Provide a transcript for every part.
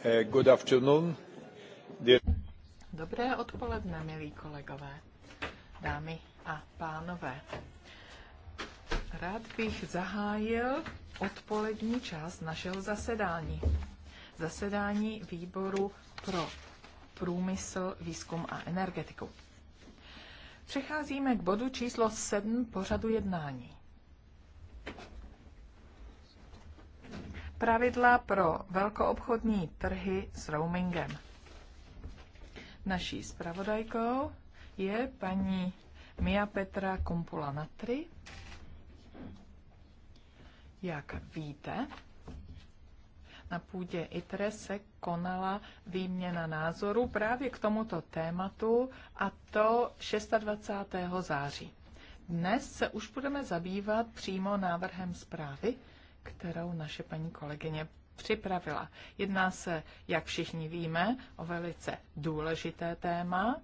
Eh, good afternoon. Dobré odpoledne, milí kolegové, dámy a pánové. Rád bych zahájil odpolední část našeho zasedání. Zasedání výboru pro průmysl, výzkum a energetiku. Přecházíme k bodu číslo 7 pořadu jednání. Pravidla pro velkoobchodní trhy s roamingem. Naší zpravodajkou je paní Mia Petra Kumpula Natry. Jak víte, na půdě ITRE se konala výměna názorů právě k tomuto tématu a to 26. září. Dnes se už budeme zabývat přímo návrhem zprávy, kterou naše paní kolegyně připravila. Jedná se, jak všichni víme, o velice důležité téma,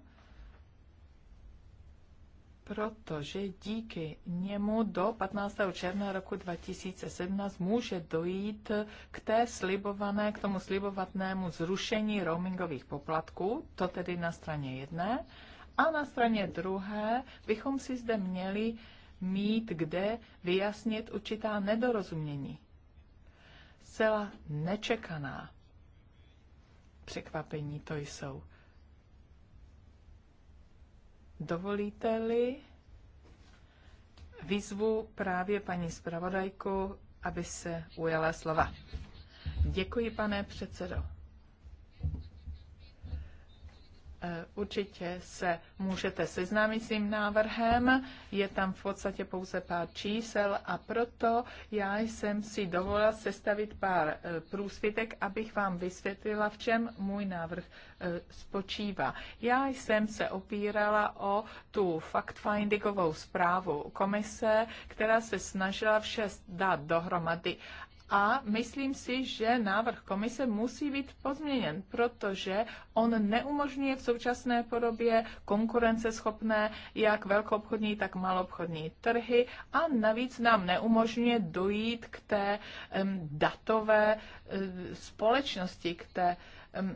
protože díky němu do 15. června roku 2017 může dojít k té slibované, k tomu slibovatnému zrušení roamingových poplatků, to tedy na straně jedné, a na straně druhé bychom si zde měli mít kde vyjasnit určitá nedorozumění. Zcela nečekaná překvapení to jsou. Dovolíte-li výzvu právě paní zpravodajku, aby se ujala slova. Děkuji, pane předsedo. Eh, určitě se můžete seznámit s tím návrhem, je tam v podstatě pouze pár čísel a proto já jsem si dovolila sestavit pár eh, průsvitek, abych vám vysvětlila, v čem můj návrh eh, spočívá. Já jsem se opírala o tu fact-findingovou zprávu komise, která se snažila vše dát dohromady a myslím si, že návrh komise musí být pozměněn, protože on neumožňuje v současné podobě konkurenceschopné jak velkoobchodní, tak malobchodní trhy a navíc nám neumožňuje dojít k té um, datové um, společnosti, k té um,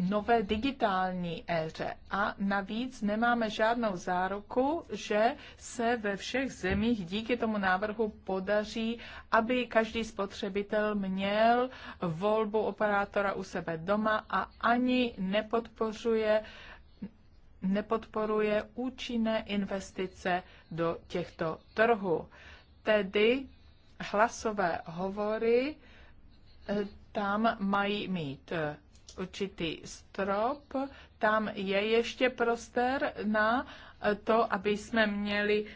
nové digitální éře. A navíc nemáme žádnou záruku, že se ve všech zemích díky tomu návrhu podaří, aby každý spotřebitel měl volbu operátora u sebe doma a ani nepodpořuje nepodporuje účinné investice do těchto trhů. Tedy hlasové hovory eh, tam mají mít eh, určitý strop, tam je ještě prostor na to, aby jsme měli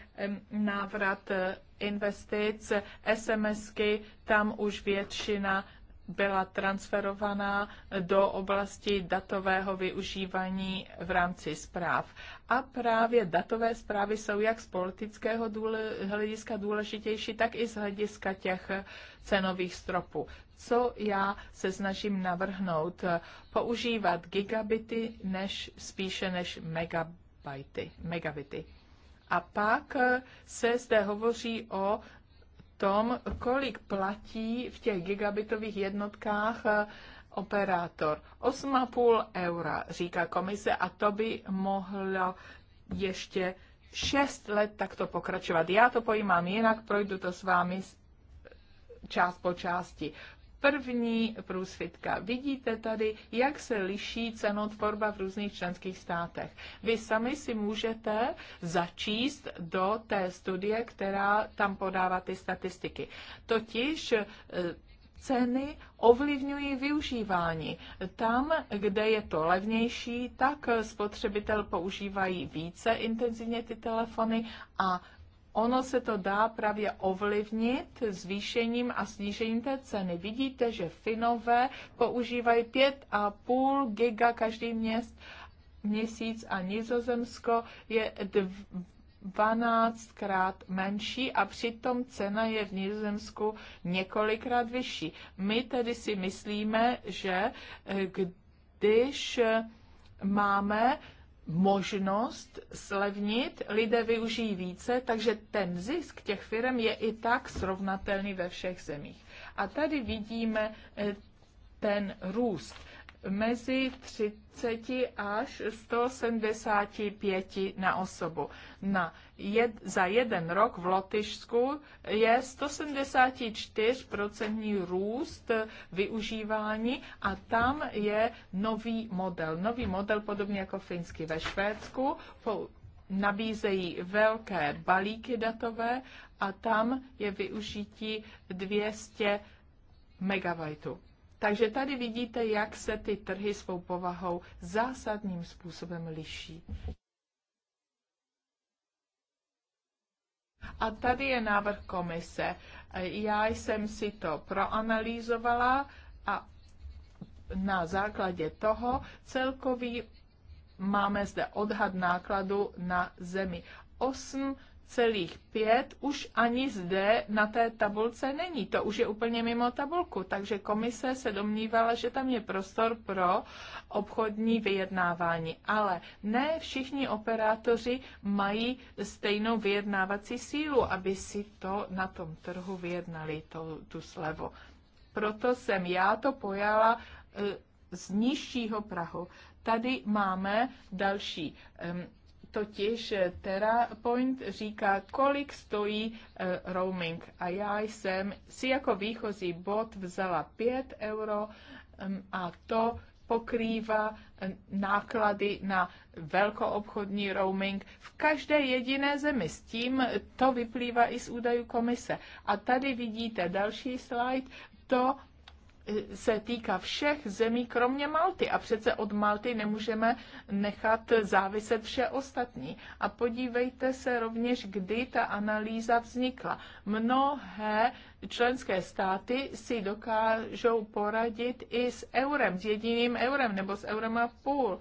návrat eh, investic, SMSky, tam už většina byla transferovaná eh, do oblasti datového využívání v rámci zpráv. A právě datové zprávy jsou jak z politického důle, hlediska důležitější, tak i z hlediska těch eh, cenových stropů co já se snažím navrhnout. Eh, používat gigabity než spíše než megabajty, megabity. A pak eh, se zde hovoří o tom, kolik platí v těch gigabitových jednotkách eh, operátor. 8,5 eura, říká komise, a to by mohlo ještě 6 let takto pokračovat. Já to pojímám jinak, projdu to s vámi část po části. První průsvitka. Vidíte tady, jak se liší cenotvorba v různých členských státech. Vy sami si můžete začíst do té studie, která tam podává ty statistiky. Totiž eh, ceny ovlivňují využívání. Tam, kde je to levnější, tak spotřebitel používají více intenzivně ty telefony a Ono se to dá právě ovlivnit zvýšením a snížením té ceny. Vidíte, že Finové používají 5,5 giga každý měst, měsíc a Nizozemsko je 12 krát menší a přitom cena je v Nizozemsku několikrát vyšší. My tedy si myslíme, že eh, když eh, máme možnost slevnit, lidé využijí více, takže ten zisk těch firm je i tak srovnatelný ve všech zemích. A tady vidíme eh, ten růst mezi 30 až 175 na osobu. Na jed, za jeden rok v Lotyšsku je 174% růst využívání a tam je nový model. Nový model podobně jako finský ve Švédsku. Po, nabízejí velké balíky datové a tam je využití 200 megabajtů takže tady vidíte, jak se ty trhy svou povahou zásadním způsobem liší. A tady je návrh komise. Já jsem si to proanalýzovala a na základě toho celkový máme zde odhad nákladu na zemi. 8 celých pět už ani zde na té tabulce není. To už je úplně mimo tabulku, takže komise se domnívala, že tam je prostor pro obchodní vyjednávání. Ale ne všichni operátoři mají stejnou vyjednávací sílu, aby si to na tom trhu vyjednali, to, tu slevu. Proto jsem já to pojala eh, z nižšího Prahu. Tady máme další um, totiž TerraPoint říká, kolik stojí uh, roaming. A já jsem si jako výchozí bod vzala 5 euro a to pokrývá eh, náklady na velkoobchodní roaming v každé jediné zemi. S tím to vyplývá i z údajů komise. A tady vidíte další slide, to se týká všech zemí, kromě Malty. A přece od Malty nemůžeme nechat záviset vše ostatní. A podívejte se rovněž, kdy ta analýza vznikla. Mnohé členské státy si dokážou poradit i s eurem, s jediným eurem nebo s eurem a půl.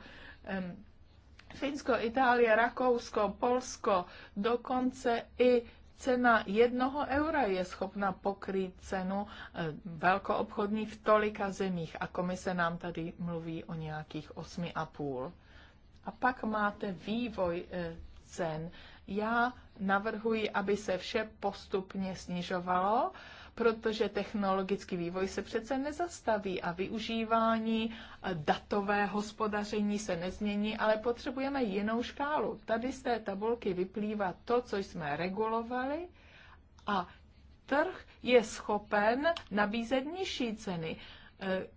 Finsko, Itálie, Rakousko, Polsko, dokonce i Cena jednoho eura je schopna pokrýt cenu eh, velkoobchodní v tolika zemích a komise nám tady mluví o nějakých 8,5. A pak máte vývoj eh, cen. Já navrhuji, aby se vše postupně snižovalo protože technologický vývoj se přece nezastaví a využívání eh, datové hospodaření se nezmění, ale potřebujeme jinou škálu. Tady z té tabulky vyplývá to, co jsme regulovali a trh je schopen nabízet nižší ceny eh,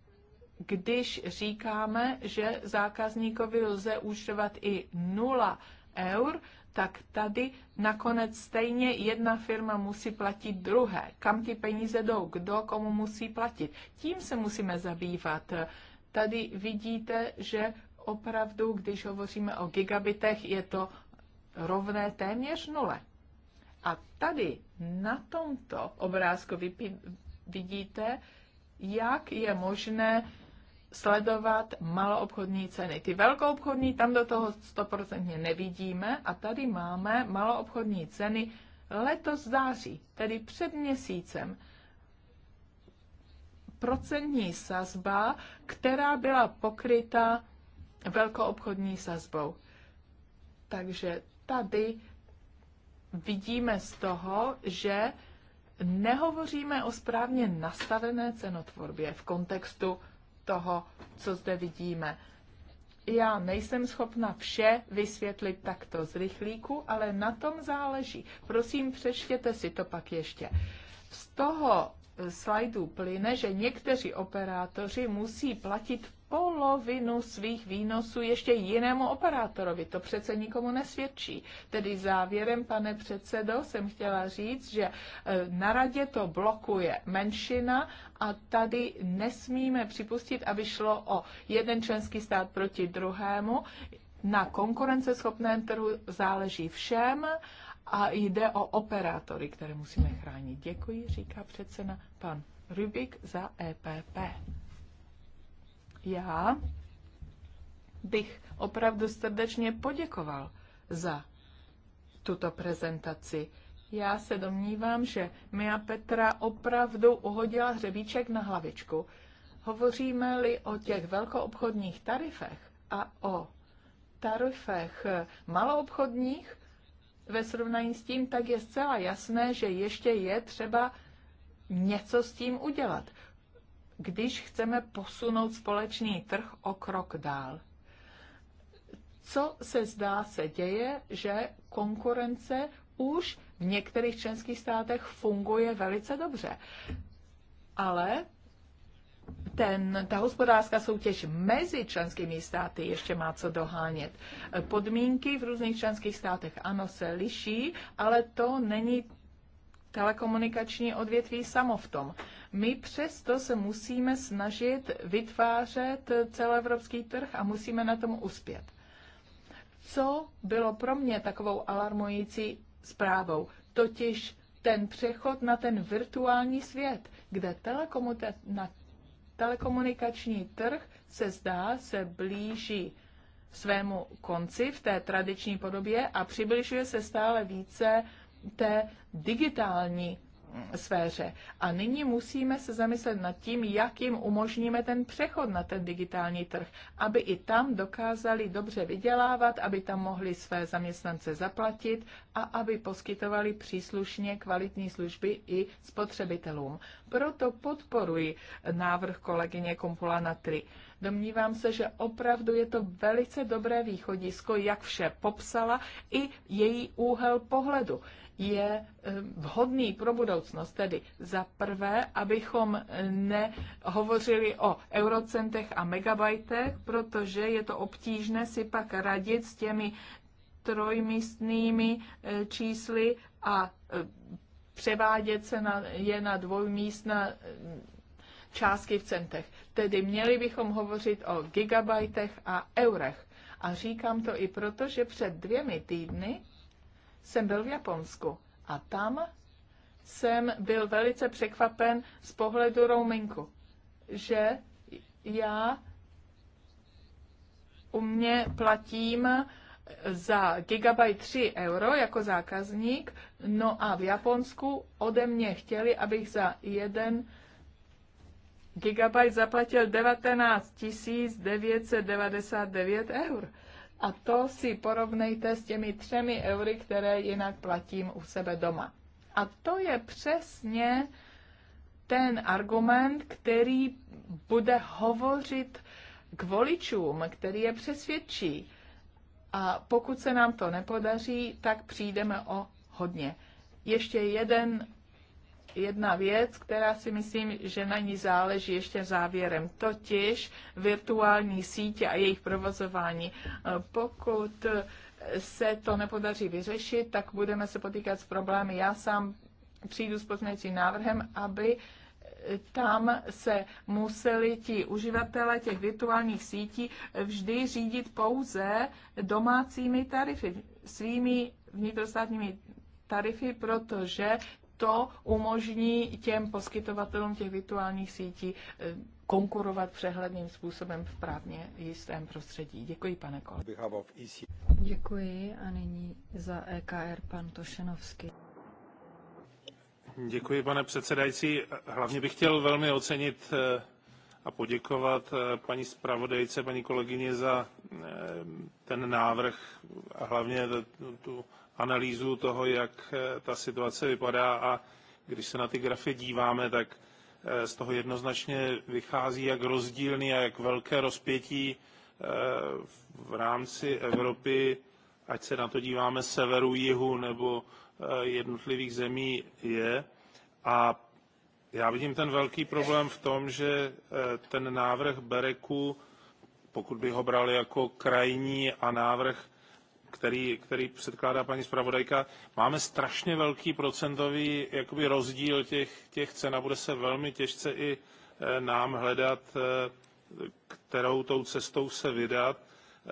když říkáme, že zákazníkovi lze účtovat i nula eur, tak tady nakonec stejně jedna firma musí platit druhé. Kam ty peníze jdou, kdo komu musí platit. Tím se musíme zabývat. Tady vidíte, že opravdu, když hovoříme o gigabitech, je to rovné téměř nule. A tady na tomto obrázku vidíte, jak je možné sledovat maloobchodní ceny. Ty velkoobchodní tam do toho stoprocentně nevidíme a tady máme maloobchodní ceny letos září, tedy před měsícem. Procentní sazba, která byla pokryta velkoobchodní sazbou. Takže tady vidíme z toho, že nehovoříme o správně nastavené cenotvorbě v kontextu toho, co zde vidíme. Já nejsem schopna vše vysvětlit takto z rychlíku, ale na tom záleží. Prosím, přečtěte si to pak ještě. Z toho slajdu plyne, že někteří operátoři musí platit polovinu svých výnosů ještě jinému operátorovi. To přece nikomu nesvědčí. Tedy závěrem, pane předsedo, jsem chtěla říct, že e, na radě to blokuje menšina a tady nesmíme připustit, aby šlo o jeden členský stát proti druhému. Na konkurenceschopném trhu záleží všem a jde o operátory, které musíme chránit. Děkuji, říká předseda pan Rubik za EPP já bych opravdu srdečně poděkoval za tuto prezentaci. Já se domnívám, že Mia Petra opravdu uhodila hřebíček na hlavičku. Hovoříme-li o těch velkoobchodních tarifech a o tarifech maloobchodních ve srovnání s tím, tak je zcela jasné, že ještě je třeba něco s tím udělat když chceme posunout společný trh o krok dál. Co se zdá se děje, že konkurence už v některých členských státech funguje velice dobře. Ale ten, ta hospodářská soutěž mezi členskými státy ještě má co dohánět. Podmínky v různých členských státech ano se liší, ale to není telekomunikační odvětví samo v tom. My přesto se musíme snažit vytvářet celoevropský trh a musíme na tom uspět. Co bylo pro mě takovou alarmující zprávou? Totiž ten přechod na ten virtuální svět, kde na telekomunikační trh se zdá, se blíží svému konci v té tradiční podobě a přibližuje se stále více té digitální sféře. A nyní musíme se zamyslet nad tím, jak jim umožníme ten přechod na ten digitální trh, aby i tam dokázali dobře vydělávat, aby tam mohli své zaměstnance zaplatit a aby poskytovali příslušně kvalitní služby i spotřebitelům. Proto podporuji návrh kolegyně Kompula na 3. Domnívám se, že opravdu je to velice dobré východisko, jak vše popsala, i její úhel pohledu je eh, vhodný pro budoucnost. Tedy za prvé, abychom eh, nehovořili o eurocentech a megabajtech, protože je to obtížné si pak radit s těmi trojmístnými eh, čísly a převádět se na, je na dvojmístná částky v centech. Tedy měli bychom hovořit o gigabajtech a eurech. A říkám to i proto, že před dvěmi týdny jsem byl v Japonsku a tam jsem byl velice překvapen z pohledu roamingu, že já u mě platím za gigabyte 3 euro jako zákazník, no a v Japonsku ode mě chtěli, abych za jeden gigabyte zaplatil 19 999 eur. A to si porovnejte s těmi třemi eury, které jinak platím u sebe doma. A to je přesně ten argument, který bude hovořit k voličům, který je přesvědčí. A pokud se nám to nepodaří, tak přijdeme o hodně. Ještě jeden jedna věc, která si myslím, že na ní záleží ještě závěrem, totiž virtuální sítě a jejich provozování. Pokud se to nepodaří vyřešit, tak budeme se potýkat s problémy. Já sám přijdu s pozměňovacím návrhem, aby tam se museli ti uživatelé těch virtuálních sítí vždy řídit pouze domácími tarify, svými vnitrostátními tarify, protože to umožní těm poskytovatelům těch virtuálních sítí eh, konkurovat přehledným způsobem v právně jistém prostředí. Děkuji, pane Kol. Děkuji a nyní za EKR pan Tošenovský. Děkuji, pane předsedající. Hlavně bych chtěl velmi ocenit eh, a poděkovat eh, paní zpravodajce, paní kolegyni za ten návrh a hlavně tu analýzu toho, jak eh, ta situace vypadá a když se na ty grafy díváme, tak eh, z toho jednoznačně vychází, jak rozdílný a jak velké rozpětí eh, v rámci Evropy, ať se na to díváme severu, jihu nebo jednotlivých zemí je. A já vidím ten velký problém v tom, že ten návrh Bereku, pokud by ho brali jako krajní a návrh který, který předkládá paní zpravodajka, máme strašně velký procentový jakoby rozdíl těch, těch cen a bude se velmi těžce i eh, nám hledat, eh, kterou tou cestou se vydat. Eh,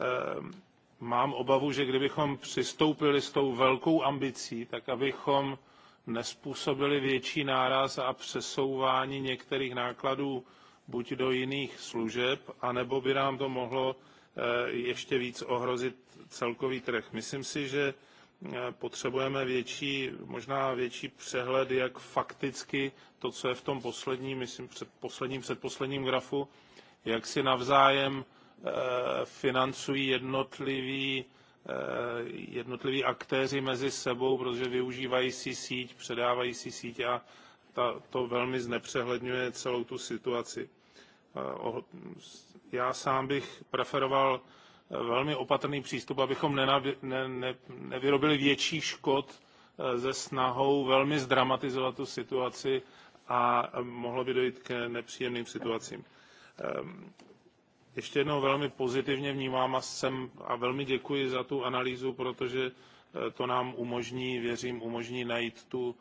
mám obavu, že kdybychom přistoupili s tou velkou ambicí, tak abychom nespůsobili větší náraz a přesouvání některých nákladů buď do jiných služeb, anebo by nám to mohlo Eh, ještě víc ohrozit celkový trh. Myslím si, že eh, potřebujeme větší, možná větší přehled, jak fakticky to, co je v tom posledním, myslím, před posledním, předposledním grafu, jak si navzájem eh, financují jednotliví, jednotliví aktéři mezi sebou, protože využívají si síť, předávají si síť a ta, to velmi znepřehledňuje celou tu situaci. Eh, já sám bych preferoval eh, velmi opatrný přístup, abychom ne, ne, nevyrobili větší škod se eh, snahou velmi zdramatizovat tu situaci a mohlo by dojít k nepříjemným situacím. Ehm, ještě jednou velmi pozitivně vnímám a jsem a velmi děkuji za tu analýzu, protože to nám umožní, věřím, umožní najít tu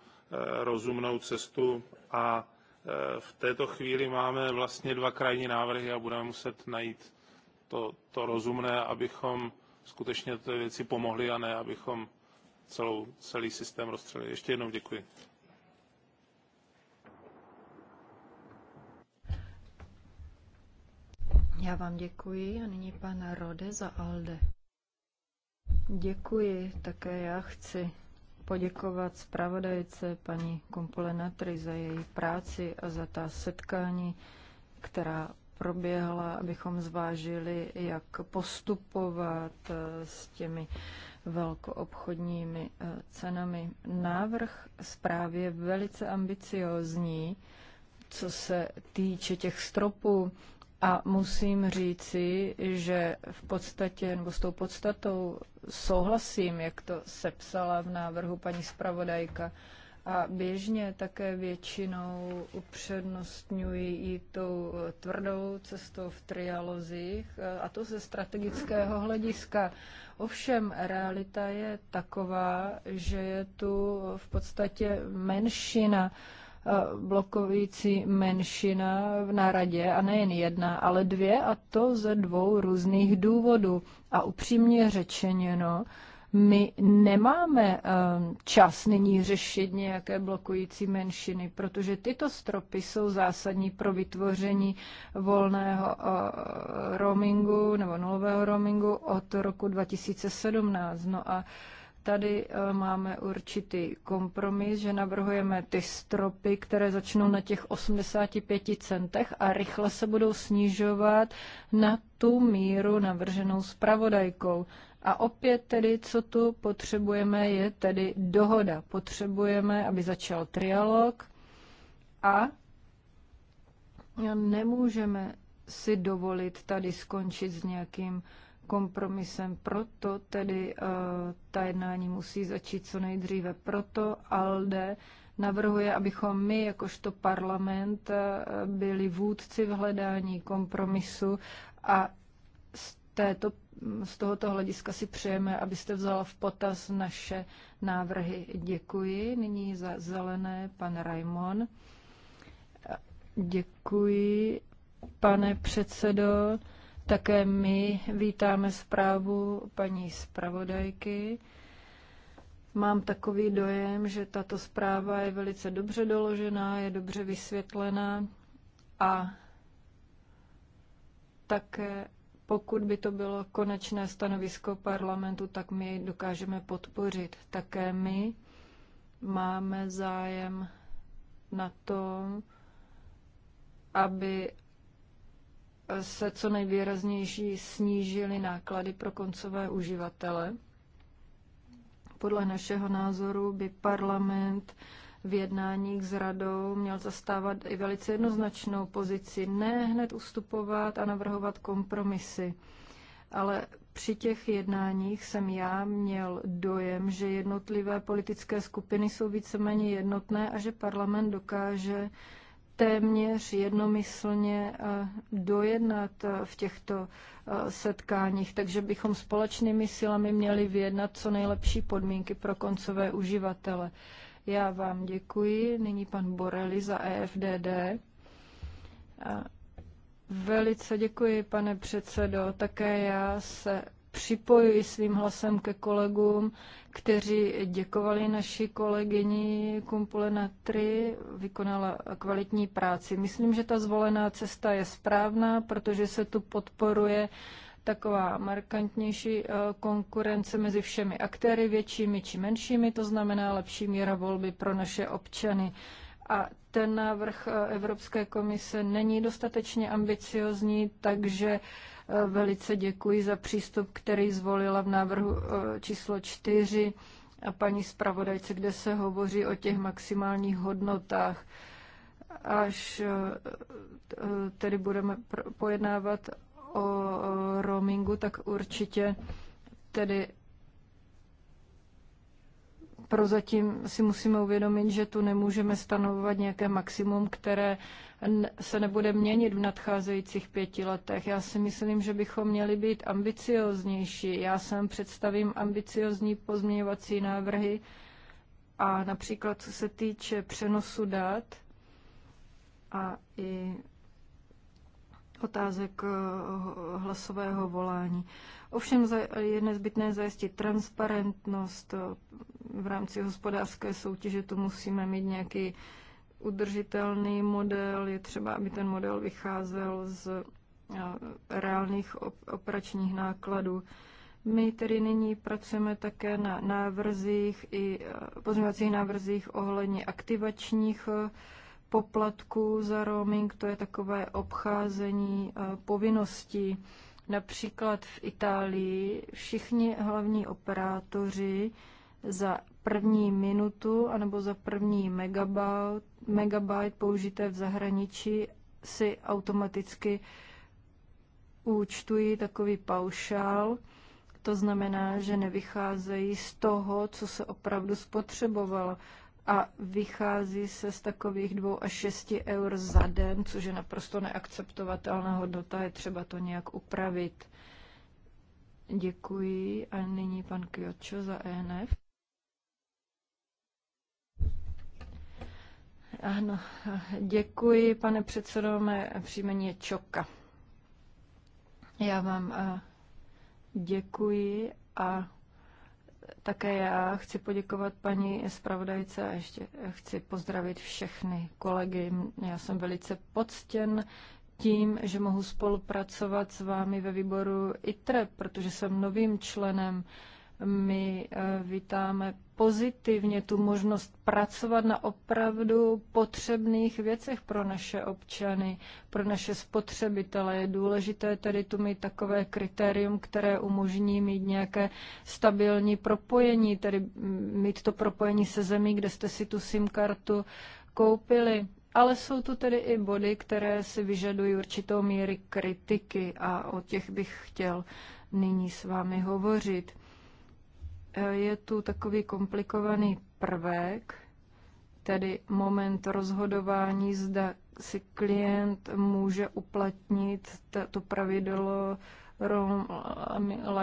rozumnou cestu a Eh, v této chvíli máme vlastně dva krajní návrhy a budeme muset najít to, to rozumné, abychom skutečně ty věci pomohli a ne, abychom celou, celý systém rozstřelili. Ještě jednou děkuji. Já vám děkuji a nyní pan Rode za Alde. Děkuji, také já chci poděkovat zpravodajce paní Kompolenatry za její práci a za ta setkání, která proběhla, abychom zvážili, jak postupovat eh, s těmi velkoobchodními eh, cenami. Návrh zprávy je velice ambiciozní, co se týče těch stropů a musím říci, že v podstatě, nebo s tou podstatou souhlasím, jak to sepsala v návrhu paní zpravodajka. A běžně také většinou upřednostňuji i tou tvrdou cestou v trialozích, a to ze strategického hlediska. Ovšem, realita je taková, že je tu v podstatě menšina Eh, blokující menšina na radě, a nejen jedna, ale dvě, a to ze dvou různých důvodů. A upřímně no, my nemáme eh, čas nyní řešit nějaké blokující menšiny, protože tyto stropy jsou zásadní pro vytvoření volného eh, roamingu nebo nulového roamingu od roku 2017. No a Tady eh, máme určitý kompromis, že navrhujeme ty stropy, které začnou na těch 85 centech a rychle se budou snižovat na tu míru navrženou zpravodajkou. A opět tedy, co tu potřebujeme, je tedy dohoda. Potřebujeme, aby začal trialog a nemůžeme si dovolit tady skončit s nějakým kompromisem. Proto tedy eh, ta jednání musí začít co nejdříve. Proto ALDE navrhuje, abychom my, jakožto parlament, eh, byli vůdci v hledání kompromisu a z, této, z tohoto hlediska si přejeme, abyste vzala v potaz naše návrhy. Děkuji. Nyní za zelené pan Raimon. Děkuji, pane předsedo. Také my vítáme zprávu paní zpravodajky. Mám takový dojem, že tato zpráva je velice dobře doložená, je dobře vysvětlená a také pokud by to bylo konečné stanovisko parlamentu, tak my dokážeme podpořit. Také my máme zájem na tom, aby se co nejvýraznější snížily náklady pro koncové uživatele. Podle našeho názoru by parlament v jednáních s radou měl zastávat i velice jednoznačnou pozici, ne hned ustupovat a navrhovat kompromisy. Ale při těch jednáních jsem já měl dojem, že jednotlivé politické skupiny jsou víceméně jednotné a že parlament dokáže téměř jednomyslně eh, dojednat eh, v těchto eh, setkáních, takže bychom společnými silami měli vyjednat co nejlepší podmínky pro koncové uživatele. Já vám děkuji. Nyní pan Borelli za EFDD. Velice děkuji, pane předsedo. Také já se připojuji svým hlasem ke kolegům, kteří děkovali naší kolegyni Kumpule Natry, vykonala kvalitní práci. Myslím, že ta zvolená cesta je správná, protože se tu podporuje taková markantnější eh, konkurence mezi všemi aktéry, většími či menšími, to znamená lepší míra volby pro naše občany. A ten návrh eh, Evropské komise není dostatečně ambiciozní, takže Eh, velice děkuji za přístup, který zvolila v návrhu eh, číslo čtyři a paní zpravodajce, kde se hovoří o těch maximálních hodnotách. Až eh, tedy budeme pojednávat o roamingu, tak určitě tedy prozatím si musíme uvědomit, že tu nemůžeme stanovovat nějaké maximum, které se nebude měnit v nadcházejících pěti letech. Já si myslím, že bychom měli být ambicioznější. Já sám představím ambiciozní pozměňovací návrhy a například co se týče přenosu dat a i otázek eh, hlasového volání. Ovšem je nezbytné zajistit transparentnost eh, v rámci hospodářské soutěže, to musíme mít nějaký udržitelný model, je třeba, aby ten model vycházel z eh, reálných operačních nákladů. My tedy nyní pracujeme také na návrzích i eh, pozměňovacích návrzích ohledně aktivačních poplatků za roaming, to je takové obcházení povinností Například v Itálii všichni hlavní operátoři za první minutu anebo za první megabyte, megabyte použité v zahraničí si automaticky účtují takový paušál. To znamená, že nevycházejí z toho, co se opravdu spotřebovalo a vychází se z takových 2 až 6 eur za den, což je naprosto neakceptovatelná hodnota, je třeba to nějak upravit. Děkuji a nyní pan Kjočo za ENF. Ano, děkuji, pane předsedo, mé příjmení je Čoka. Já vám eh, děkuji a také já chci poděkovat paní zpravodajce a ještě chci pozdravit všechny kolegy. Já jsem velice poctěn tím, že mohu spolupracovat s vámi ve výboru ITRE, protože jsem novým členem my eh, vítáme pozitivně tu možnost pracovat na opravdu potřebných věcech pro naše občany, pro naše spotřebitele. Je důležité tedy tu mít takové kritérium, které umožní mít nějaké stabilní propojení, tedy mít to propojení se zemí, kde jste si tu SIM kartu koupili. Ale jsou tu tedy i body, které si vyžadují určitou míry kritiky a o těch bych chtěl nyní s vámi hovořit je tu takový komplikovaný prvek, tedy moment rozhodování, zda si klient může uplatnit to pravidlo room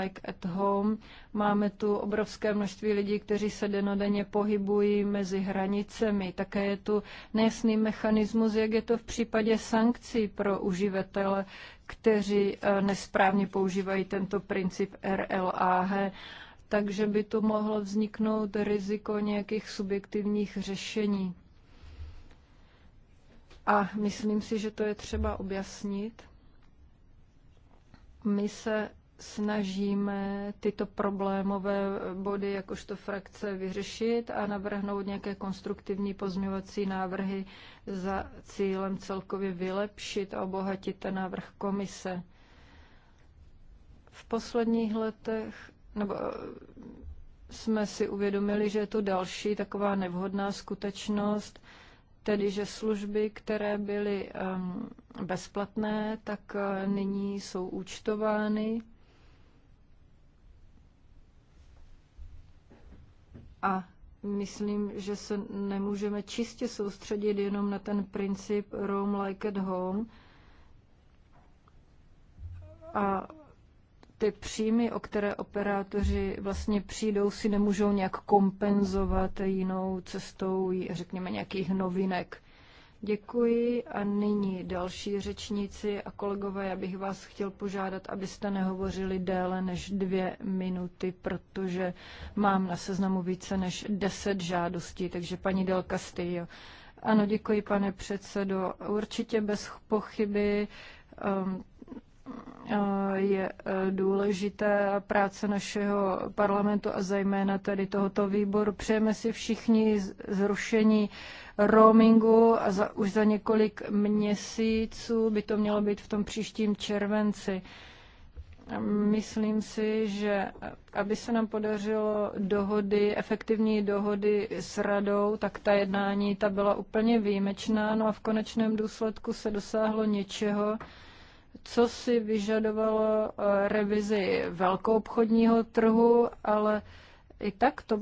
like at home. Máme tu obrovské množství lidí, kteří se denodenně pohybují mezi hranicemi. Také je tu nejasný mechanismus, jak je to v případě sankcí pro uživatele, kteří eh, nesprávně používají tento princip RLAH takže by to mohlo vzniknout riziko nějakých subjektivních řešení. A myslím si, že to je třeba objasnit. My se snažíme tyto problémové body jakožto frakce vyřešit a navrhnout nějaké konstruktivní pozměňovací návrhy za cílem celkově vylepšit a obohatit ten návrh komise. V posledních letech nebo eh, jsme si uvědomili, že je to další taková nevhodná skutečnost, tedy že služby, které byly um, bezplatné, tak uh, nyní jsou účtovány. A myslím, že se nemůžeme čistě soustředit jenom na ten princip Rome like at home. A ty příjmy, o které operátoři vlastně přijdou, si nemůžou nějak kompenzovat jinou cestou, řekněme, nějakých novinek. Děkuji a nyní další řečníci a kolegové, já bych vás chtěl požádat, abyste nehovořili déle než dvě minuty, protože mám na seznamu více než deset žádostí, takže paní Del Castillo. Ano, děkuji, pane předsedo. Určitě bez pochyby um, je eh, důležité práce našeho parlamentu a zejména tedy tohoto výboru. Přejeme si všichni zrušení roamingu a za, už za několik měsíců by to mělo být v tom příštím červenci. Myslím si, že eh, aby se nám podařilo dohody, efektivní dohody s radou, tak ta jednání ta byla úplně výjimečná. No a v konečném důsledku se dosáhlo něčeho, co si vyžadovalo eh, revizi obchodního trhu, ale i tak to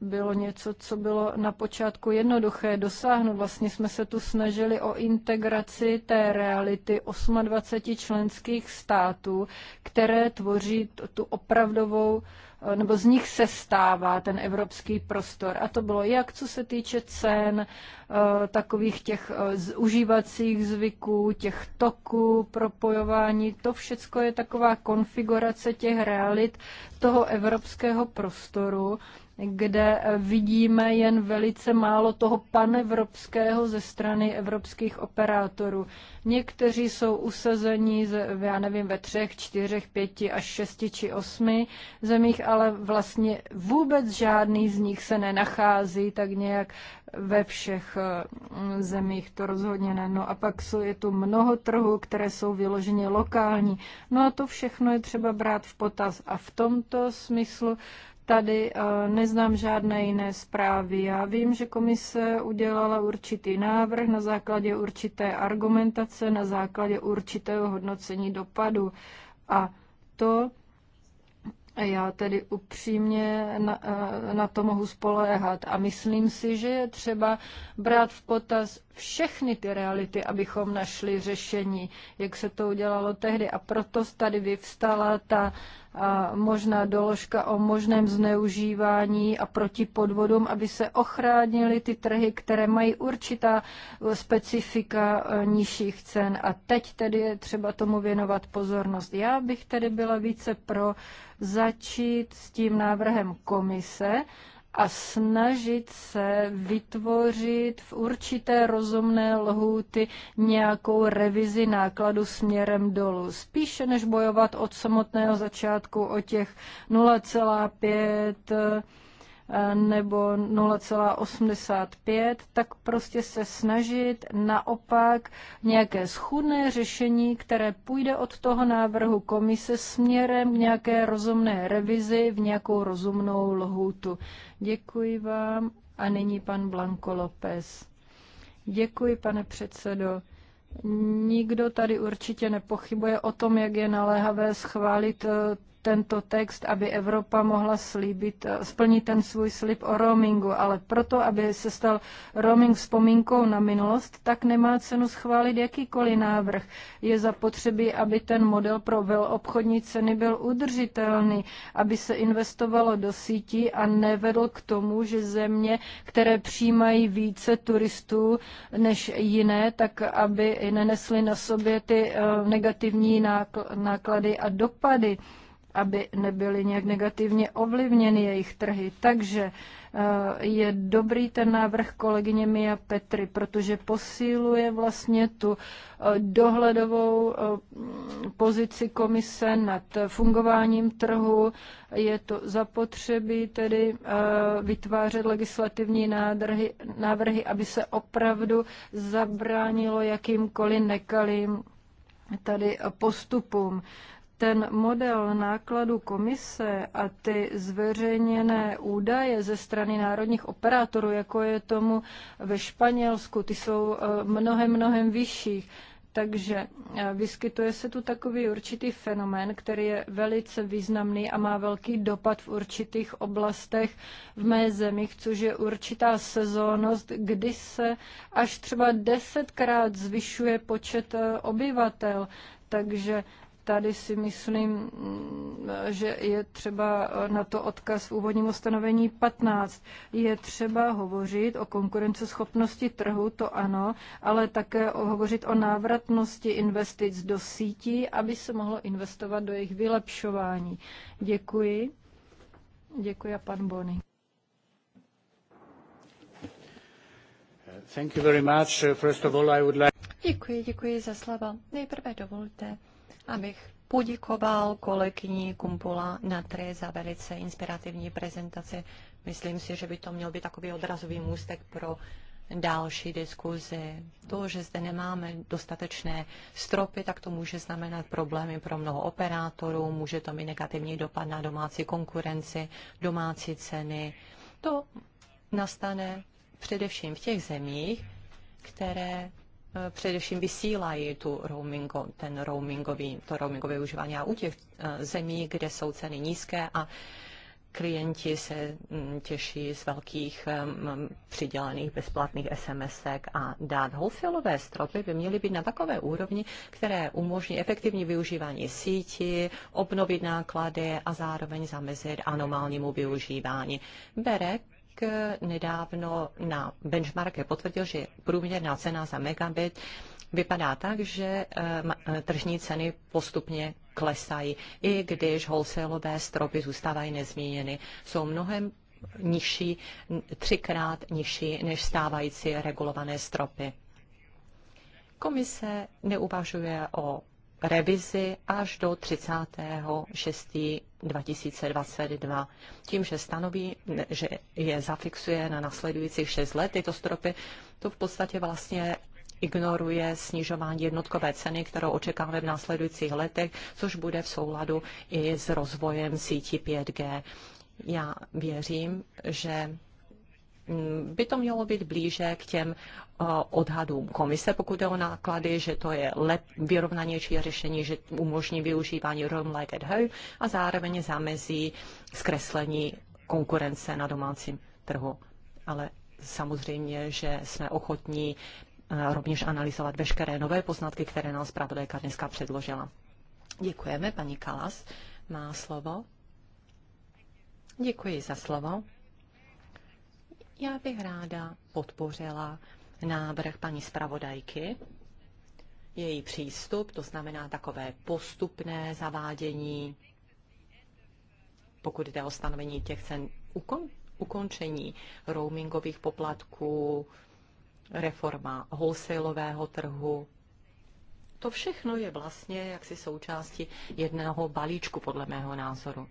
bylo něco, co bylo na počátku jednoduché dosáhnout. Vlastně jsme se tu snažili o integraci té reality 28 členských států, které tvoří tu opravdovou, eh, nebo z nich se stává ten evropský prostor. A to bylo jak co se týče cen, Eh, takových těch eh, užívacích zvyků, těch toků, propojování. To všecko je taková konfigurace těch realit toho evropského prostoru, kde eh, vidíme jen velice málo toho panevropského ze strany evropských operátorů. Někteří jsou usazení, já nevím, ve třech, čtyřech, pěti až šesti či osmi zemích, ale vlastně vůbec žádný z nich se nenachází tak nějak ve všech zemích, to rozhodně ne. No a pak jsou je tu mnoho trhů, které jsou vyloženě lokální. No a to všechno je třeba brát v potaz. A v tomto smyslu tady eh, neznám žádné jiné zprávy. Já vím, že komise udělala určitý návrh na základě určité argumentace, na základě určitého hodnocení dopadu. A to já tedy upřímně na, eh, na to mohu spoléhat a myslím si, že je třeba brát v potaz všechny ty reality, abychom našli řešení, jak se to udělalo tehdy. A proto tady vyvstala ta a možná doložka o možném zneužívání a proti podvodům, aby se ochránily ty trhy, které mají určitá specifika e, nižších cen. A teď tedy je třeba tomu věnovat pozornost. Já bych tedy byla více pro začít s tím návrhem komise, a snažit se vytvořit v určité rozumné lhůty nějakou revizi nákladu směrem dolů. Spíše než bojovat od samotného začátku o těch 0,5 nebo 0,85, tak prostě se snažit naopak nějaké schudné řešení, které půjde od toho návrhu komise směrem k nějaké rozumné revizi v nějakou rozumnou lhůtu. Děkuji vám a nyní pan Blanco López. Děkuji, pane předsedo. Nikdo tady určitě nepochybuje o tom, jak je naléhavé schválit eh, tento text, aby Evropa mohla slíbit, eh, splnit ten svůj slib o roamingu, ale proto, aby se stal roaming vzpomínkou na minulost, tak nemá cenu schválit jakýkoliv návrh. Je zapotřebí, aby ten model pro velobchodní ceny byl udržitelný, aby se investovalo do sítí a nevedl k tomu, že země, které přijímají více turistů než jiné, tak aby nenesly na sobě ty eh, negativní náklady a dopady aby nebyly nějak negativně ovlivněny jejich trhy. Takže eh, je dobrý ten návrh kolegyně Mia Petry, protože posíluje vlastně tu eh, dohledovou eh, pozici komise nad fungováním trhu. Je to zapotřebí tedy vytvářet legislativní nádrhy, návrhy, aby se opravdu zabránilo jakýmkoliv nekalým tady postupům ten model nákladu komise a ty zveřejněné údaje ze strany národních operátorů, jako je tomu ve Španělsku, ty jsou eh, mnohem, mnohem vyšší. Takže eh, vyskytuje se tu takový určitý fenomén, který je velice významný a má velký dopad v určitých oblastech v mé zemi, což je určitá sezónnost, kdy se až třeba desetkrát zvyšuje počet eh, obyvatel. Takže Tady si myslím, že je třeba na to odkaz v úvodním ustanovení 15. Je třeba hovořit o konkurenceschopnosti trhu, to ano, ale také o hovořit o návratnosti investic do sítí, aby se mohlo investovat do jejich vylepšování. Děkuji. Děkuji a pan Bony. Děkuji, děkuji za slovo. Nejprve dovolte, abych poděkoval kolegyni Kumpula Natry za velice inspirativní prezentaci. Myslím si, že by to měl být takový odrazový můstek pro další diskuzi. To, že zde nemáme dostatečné stropy, tak to může znamenat problémy pro mnoho operátorů, může to mít negativní dopad na domácí konkurenci, domácí ceny. To nastane především v těch zemích, které Eh, především vysílají tu roamingo, ten roamingový, to roamingové užívání. A u těch eh, zemí, kde jsou ceny nízké a klienti se mm, těší z velkých um, přidělených bezplatných sms a dát. Wholesale stropy by měly být na takové úrovni, které umožní efektivní využívání síti, obnovit náklady a zároveň zamezit anomálnímu využívání. Berek nedávno na benchmarke potvrdil, že průměrná cena za megabit vypadá tak, že eh, eh, tržní ceny postupně klesají, i když wholesaleové stropy zůstávají nezměněny. Jsou mnohem nižší, třikrát nižší než stávající regulované stropy. Komise neuvažuje o revizi až do 36. 2022. Tím, že stanoví, že je zafixuje na nasledujících 6 let tyto stropy, to v podstatě vlastně ignoruje snižování jednotkové ceny, kterou očekáváme v následujících letech, což bude v souladu i s rozvojem sítí 5G. Já věřím, že Mm, by to mělo být blíže k těm uh, odhadům komise, pokud je o náklady, že to je lep, vyrovnanější řešení, že umožní využívání Roam Like at Home a zároveň zamezí zkreslení konkurence na domácím trhu. Ale samozřejmě, že jsme ochotní uh, rovněž analyzovat veškeré nové poznatky, které nám zpravodajka dneska předložila. Děkujeme. Paní Kalas má slovo. Děkuji za slovo. Já bych ráda podpořila návrh paní zpravodajky, její přístup, to znamená takové postupné zavádění, pokud jde o stanovení těch cen ukon, ukončení roamingových poplatků, reforma wholesaleového trhu. To všechno je vlastně jaksi součástí jednoho balíčku, podle mého názoru.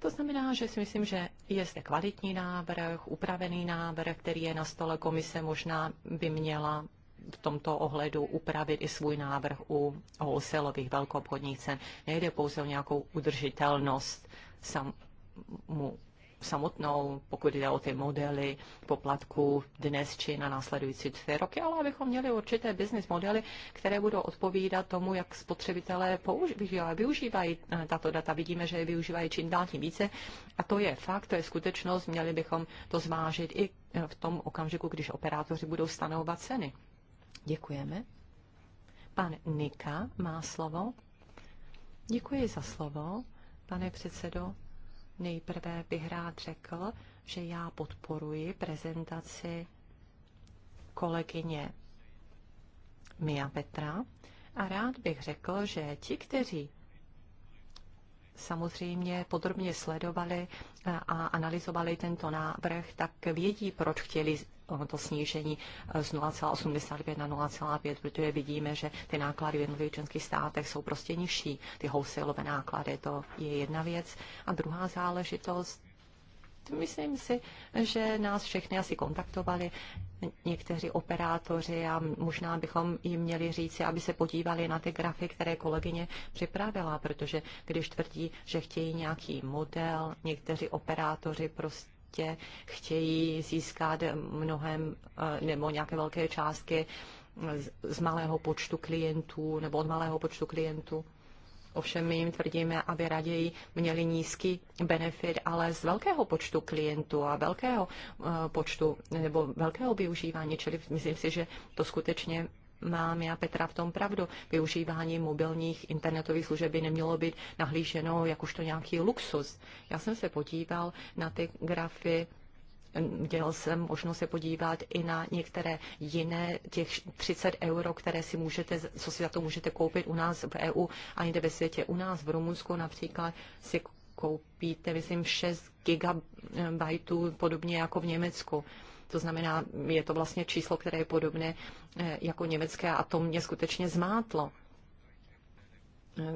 To znamená, že si myslím, že je zde kvalitní návrh, upravený návrh, který je na stole komise, možná by měla v tomto ohledu upravit i svůj návrh u wholesaleových velkoobchodních cen. Nejde pouze o nějakou udržitelnost samu samotnou, pokud jde o ty modely poplatků dnes či na následující tři roky, ale abychom měli určité business modely, které budou odpovídat tomu, jak spotřebitelé používají, využívají eh, tato data. Vidíme, že je využívají čím dál tím více a to je fakt, to je skutečnost, měli bychom to zvážit i eh, v tom okamžiku, když operátoři budou stanovat ceny. Děkujeme. Pan Nika má slovo. Děkuji za slovo, pane předsedo. Nejprve bych rád řekl, že já podporuji prezentaci kolegyně Mia Petra a rád bych řekl, že ti, kteří samozřejmě podrobně sledovali a analyzovali tento návrh, tak vědí, proč chtěli to snížení z 0,85 na 0,5, protože vidíme, že ty náklady v jednotlivých členských státech jsou prostě nižší. Ty wholesaleové náklady, to je jedna věc. A druhá záležitost, myslím si, že nás všechny asi kontaktovali někteří operátoři a možná bychom jim měli říci, aby se podívali na ty grafy, které kolegyně připravila, protože když tvrdí, že chtějí nějaký model, někteří operátoři prostě podstatě chtějí získat mnohem eh, nebo nějaké velké částky z malého počtu klientů nebo od malého počtu klientů. Ovšem my jim tvrdíme, aby raději měli nízký benefit, ale z velkého počtu klientů a velkého eh, počtu nebo velkého využívání. Čili myslím si, že to skutečně mám já Petra v tom pravdu. Využívání mobilních internetových služeb by nemělo být nahlíženo jakožto nějaký luxus. Já jsem se podíval na ty grafy měl jsem možnost se podívat i na některé jiné těch 30 euro, které si můžete, co si za to můžete koupit u nás v EU a jinde ve světě. U nás v Rumunsku například si koupíte, myslím, 6 gigabajtů, podobně jako v Německu. To znamená, je to vlastně číslo, které je podobné eh, jako německé a to mě skutečně zmátlo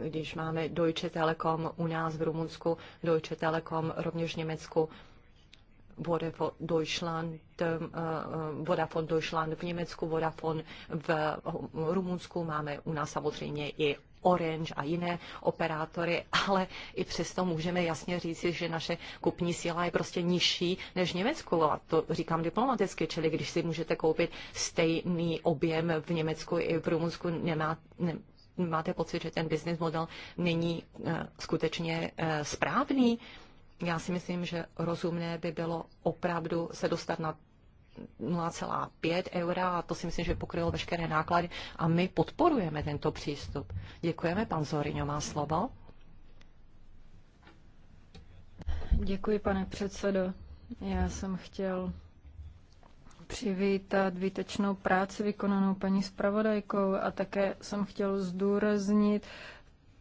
když máme Deutsche Telekom u nás v Rumunsku, Deutsche Telekom rovněž v Německu, Deutschland, eh, eh, Vodafone Deutschland v Německu, Vodafone v Rumunsku, máme u nás samozřejmě i Orange a jiné operátory, ale i přesto můžeme jasně říci, že naše kupní síla je prostě nižší než Německu. A to říkám diplomaticky, čili když si můžete koupit stejný objem v Německu i v Rumunsku, nemá, ne, máte pocit, že ten business model není uh, skutečně uh, správný. Já si myslím, že rozumné by bylo opravdu se dostat na 0,5 eura a to si myslím, že pokrylo veškeré náklady a my podporujeme tento přístup. Děkujeme, pan Zoriňo má slovo. Děkuji, pane předsedo. Já jsem chtěl přivítat výtečnou práci vykonanou paní zpravodajkou a také jsem chtěl zdůraznit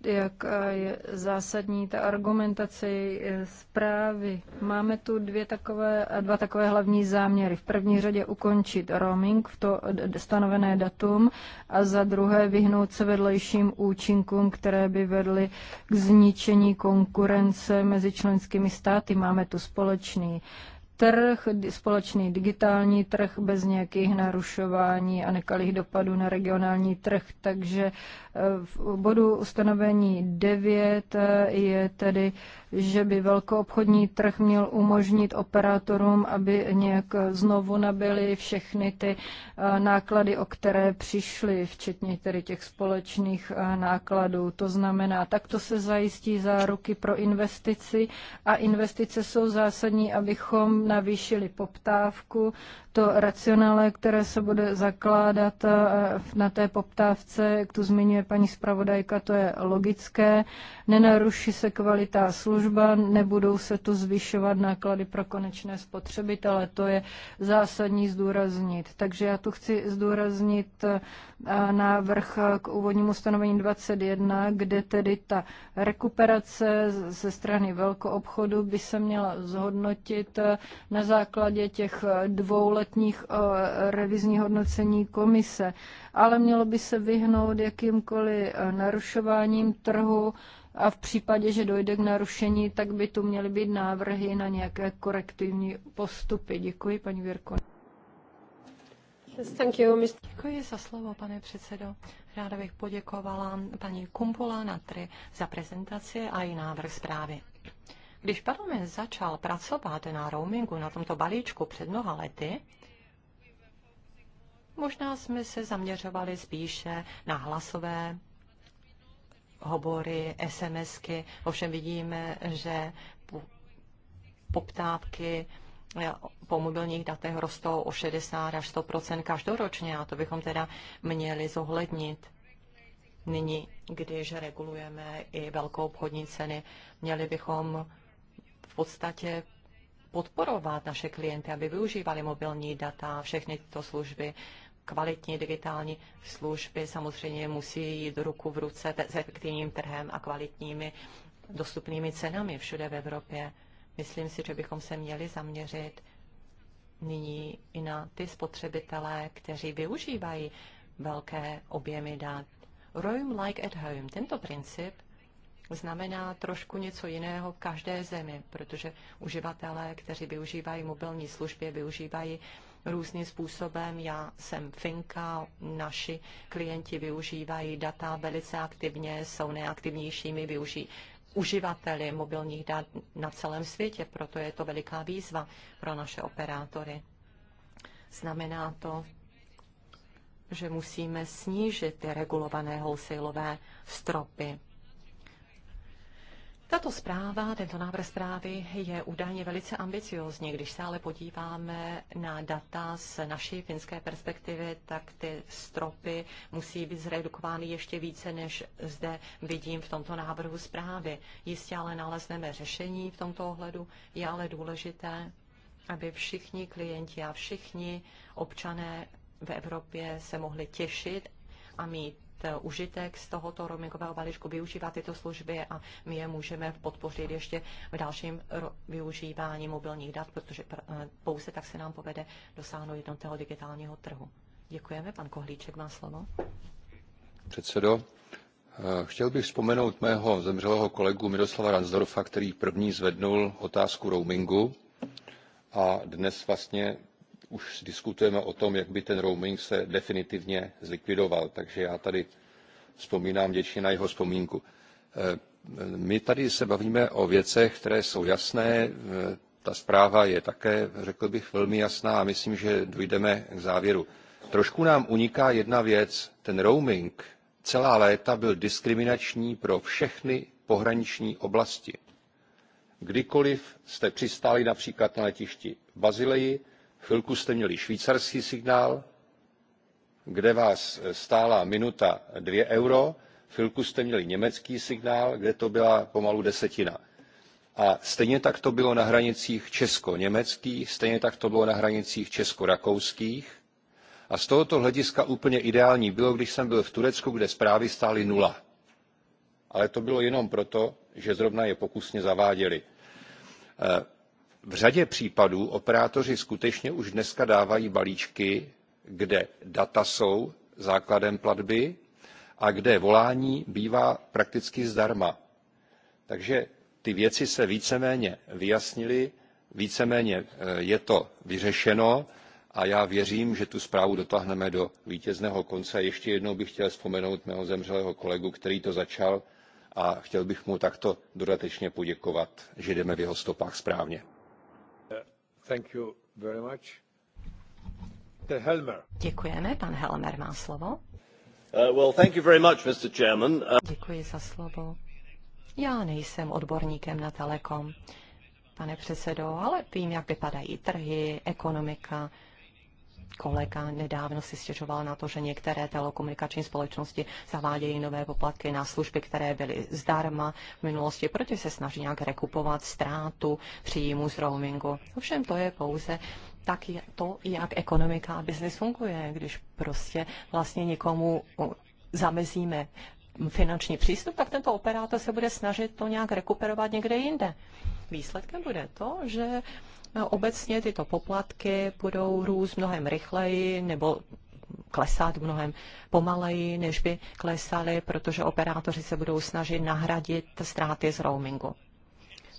jak eh, je zásadní ta argumentace eh, zprávy. Máme tu dvě takové, eh, dva takové hlavní záměry. V první řadě ukončit roaming v to stanovené datum a za druhé vyhnout se vedlejším účinkům, které by vedly k zničení konkurence mezi členskými státy. Máme tu společný trh, společný digitální trh bez nějakých narušování a nekalých dopadů na regionální trh. Takže eh, v bodu ustanovení 9 eh, je tedy že by velkoobchodní trh měl umožnit operátorům, aby nějak znovu nabili všechny ty eh, náklady, o které přišly, včetně tedy těch společných eh, nákladů. To znamená, takto se zajistí záruky pro investici a investice jsou zásadní, abychom navýšili poptávku, to racionále, které se bude zakládat eh, na té poptávce, jak tu zmiňuje paní zpravodajka, to je logické, nenaruší se kvalita služby, služba, nebudou se tu zvyšovat náklady pro konečné spotřebitele. To je zásadní zdůraznit. Takže já tu chci zdůraznit eh, návrh k úvodnímu stanovení 21, kde tedy ta rekuperace ze strany velkoobchodu by se měla zhodnotit eh, na základě těch eh, dvouletních revizních hodnocení komise, ale mělo by se vyhnout jakýmkoliv narušováním trhu, a v případě, že dojde k narušení, tak by tu měly být návrhy na nějaké korektivní postupy. Děkuji, paní Věrko. Děkuji za slovo, pane předsedo. Ráda bych poděkovala paní Kumpula Natry za prezentaci a i návrh zprávy. Když parlament začal pracovat na roamingu, na tomto balíčku před mnoha lety, možná jsme se zaměřovali spíše na hlasové hovory, SMSky. Ovšem vidíme, že poptávky eh, po mobilních datech rostou o 60 až 100 každoročně a to bychom teda měli zohlednit. Nyní, když regulujeme i velkou obchodní ceny, měli bychom v podstatě podporovat naše klienty, aby využívali mobilní data, všechny tyto služby kvalitní digitální služby samozřejmě musí jít ruku v ruce s efektivním trhem a kvalitními dostupnými cenami všude v Evropě. Myslím si, že bychom se měli zaměřit nyní i na ty spotřebitelé, kteří využívají velké objemy dat. Roam like at home. Tento princip znamená trošku něco jiného v každé zemi, protože uživatelé, kteří využívají mobilní služby, využívají uh, různým způsobem. Já jsem Finka, naši klienti využívají data velice aktivně, jsou neaktivnějšími, využijí uživateli mobilních dat na celém světě, proto je to veliká výzva pro naše operátory. Znamená to, že musíme snížit ty regulované wholesaleové stropy tato zpráva, tento návrh zprávy je údajně velice ambiciózní. Když se ale podíváme na data z naší finské perspektivy, tak ty stropy musí být zredukovány ještě více, než zde vidím v tomto návrhu zprávy. Jistě ale nalezneme řešení v tomto ohledu. Je ale důležité, aby všichni klienti a všichni občané v Evropě se mohli těšit a mít užitek z tohoto roamingového balíčku, využívá tyto služby a my je můžeme podpořit ještě v dalším využívání mobilních dat, protože eh, pouze tak se nám povede dosáhnout jednotného digitálního trhu. Děkujeme. Pan Kohlíček má slovo. Předsedo, eh, Chtěl bych vzpomenout mého zemřelého kolegu Miroslava Ransdorfa, který první zvednul otázku roamingu a dnes vlastně už diskutujeme o tom, jak by ten roaming se definitivně zlikvidoval. Takže já tady vzpomínám děčně na jeho vzpomínku. Eh, my tady se bavíme o věcech, které jsou jasné. Eh, ta zpráva je také, řekl bych, velmi jasná a myslím, že dojdeme k závěru. Trošku nám uniká jedna věc. Ten roaming celá léta byl diskriminační pro všechny pohraniční oblasti. Kdykoliv jste přistáli například na letišti v Bazileji, Chvilku jste měli švýcarský signál, kde vás eh, stála minuta dvě euro, chvilku jste měli německý signál, kde to byla pomalu desetina. A stejně tak to bylo na hranicích česko-německých, stejně tak to bylo na hranicích česko-rakouských. A z tohoto hlediska úplně ideální bylo, když jsem byl v Turecku, kde zprávy stály nula. Ale to bylo jenom proto, že zrovna je pokusně zaváděli. Eh, v řadě případů operátoři skutečně už dneska dávají balíčky, kde data jsou základem platby a kde volání bývá prakticky zdarma. Takže ty věci se víceméně vyjasnily, víceméně eh, je to vyřešeno a já věřím, že tu zprávu dotáhneme do vítězného konce. Ještě jednou bych chtěl vzpomenout mého zemřelého kolegu, který to začal a chtěl bych mu takto dodatečně poděkovat, že jdeme v jeho stopách správně. Thank you Helmer. Děkujeme, pan Helmer má slovo. Uh, uh, Děkuji za slovo. Já nejsem odborníkem na telekom, pane předsedo, ale vím, jak vypadají trhy, ekonomika, kolega nedávno si stěžoval na to, že některé telekomunikační společnosti zavádějí nové poplatky na služby, které byly zdarma v minulosti, protože se snaží nějak rekupovat ztrátu příjmu z roamingu. Ovšem to je pouze tak je to, jak ekonomika a biznis funguje, když prostě vlastně někomu zamezíme finanční přístup, tak tento operátor se bude snažit to nějak rekuperovat někde jinde. Výsledkem bude to, že No, obecně tyto poplatky budou růst mnohem rychleji nebo klesat mnohem pomaleji, než by klesaly, protože operátoři se budou snažit nahradit ztráty z roamingu.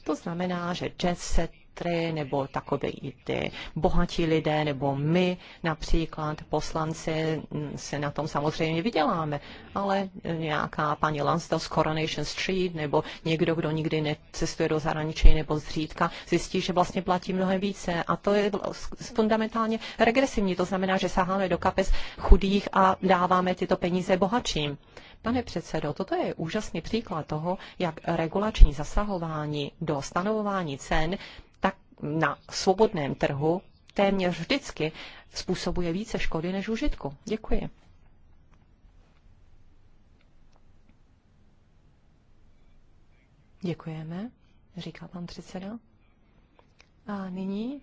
To znamená, že jet set centry nebo i ty bohatí lidé nebo my například poslanci mm, se na tom samozřejmě vyděláme, ale nějaká paní Lansdale z Coronation Street nebo někdo, kdo nikdy necestuje do zahraničí nebo zřídka, zjistí, že vlastně platí mnohem více a to je fundamentálně regresivní. To znamená, že saháme do kapes chudých a dáváme tyto peníze bohatším. Pane předsedo, toto je úžasný příklad toho, jak regulační zasahování do stanovování cen na svobodném trhu téměř vždycky způsobuje více škody než užitku. Děkuji. Děkujeme, říká pan předseda. A nyní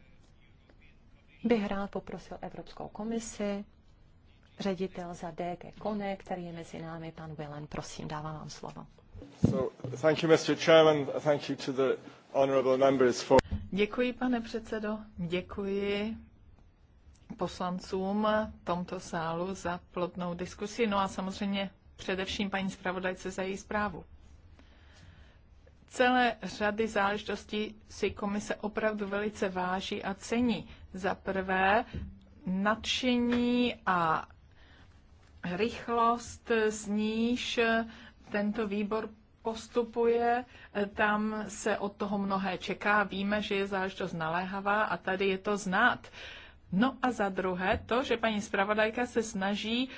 bych rád poprosil Evropskou komisi, ředitel za DG Kone, který je mezi námi, pan Willen. Prosím, dávám vám slovo. So, thank you, Mr. Chairman. Thank you to the honorable members for... Děkuji, pane předsedo, děkuji poslancům tomto sálu za plodnou diskusi, no a samozřejmě především paní zpravodajce za její zprávu. Celé řady záležitostí si komise opravdu velice váží a cení. Za prvé nadšení a rychlost, z níž tento výbor postupuje, eh, tam se od toho mnohé čeká, víme, že je záležitost naléhavá a tady je to znát. No a za druhé to, že paní zpravodajka se snaží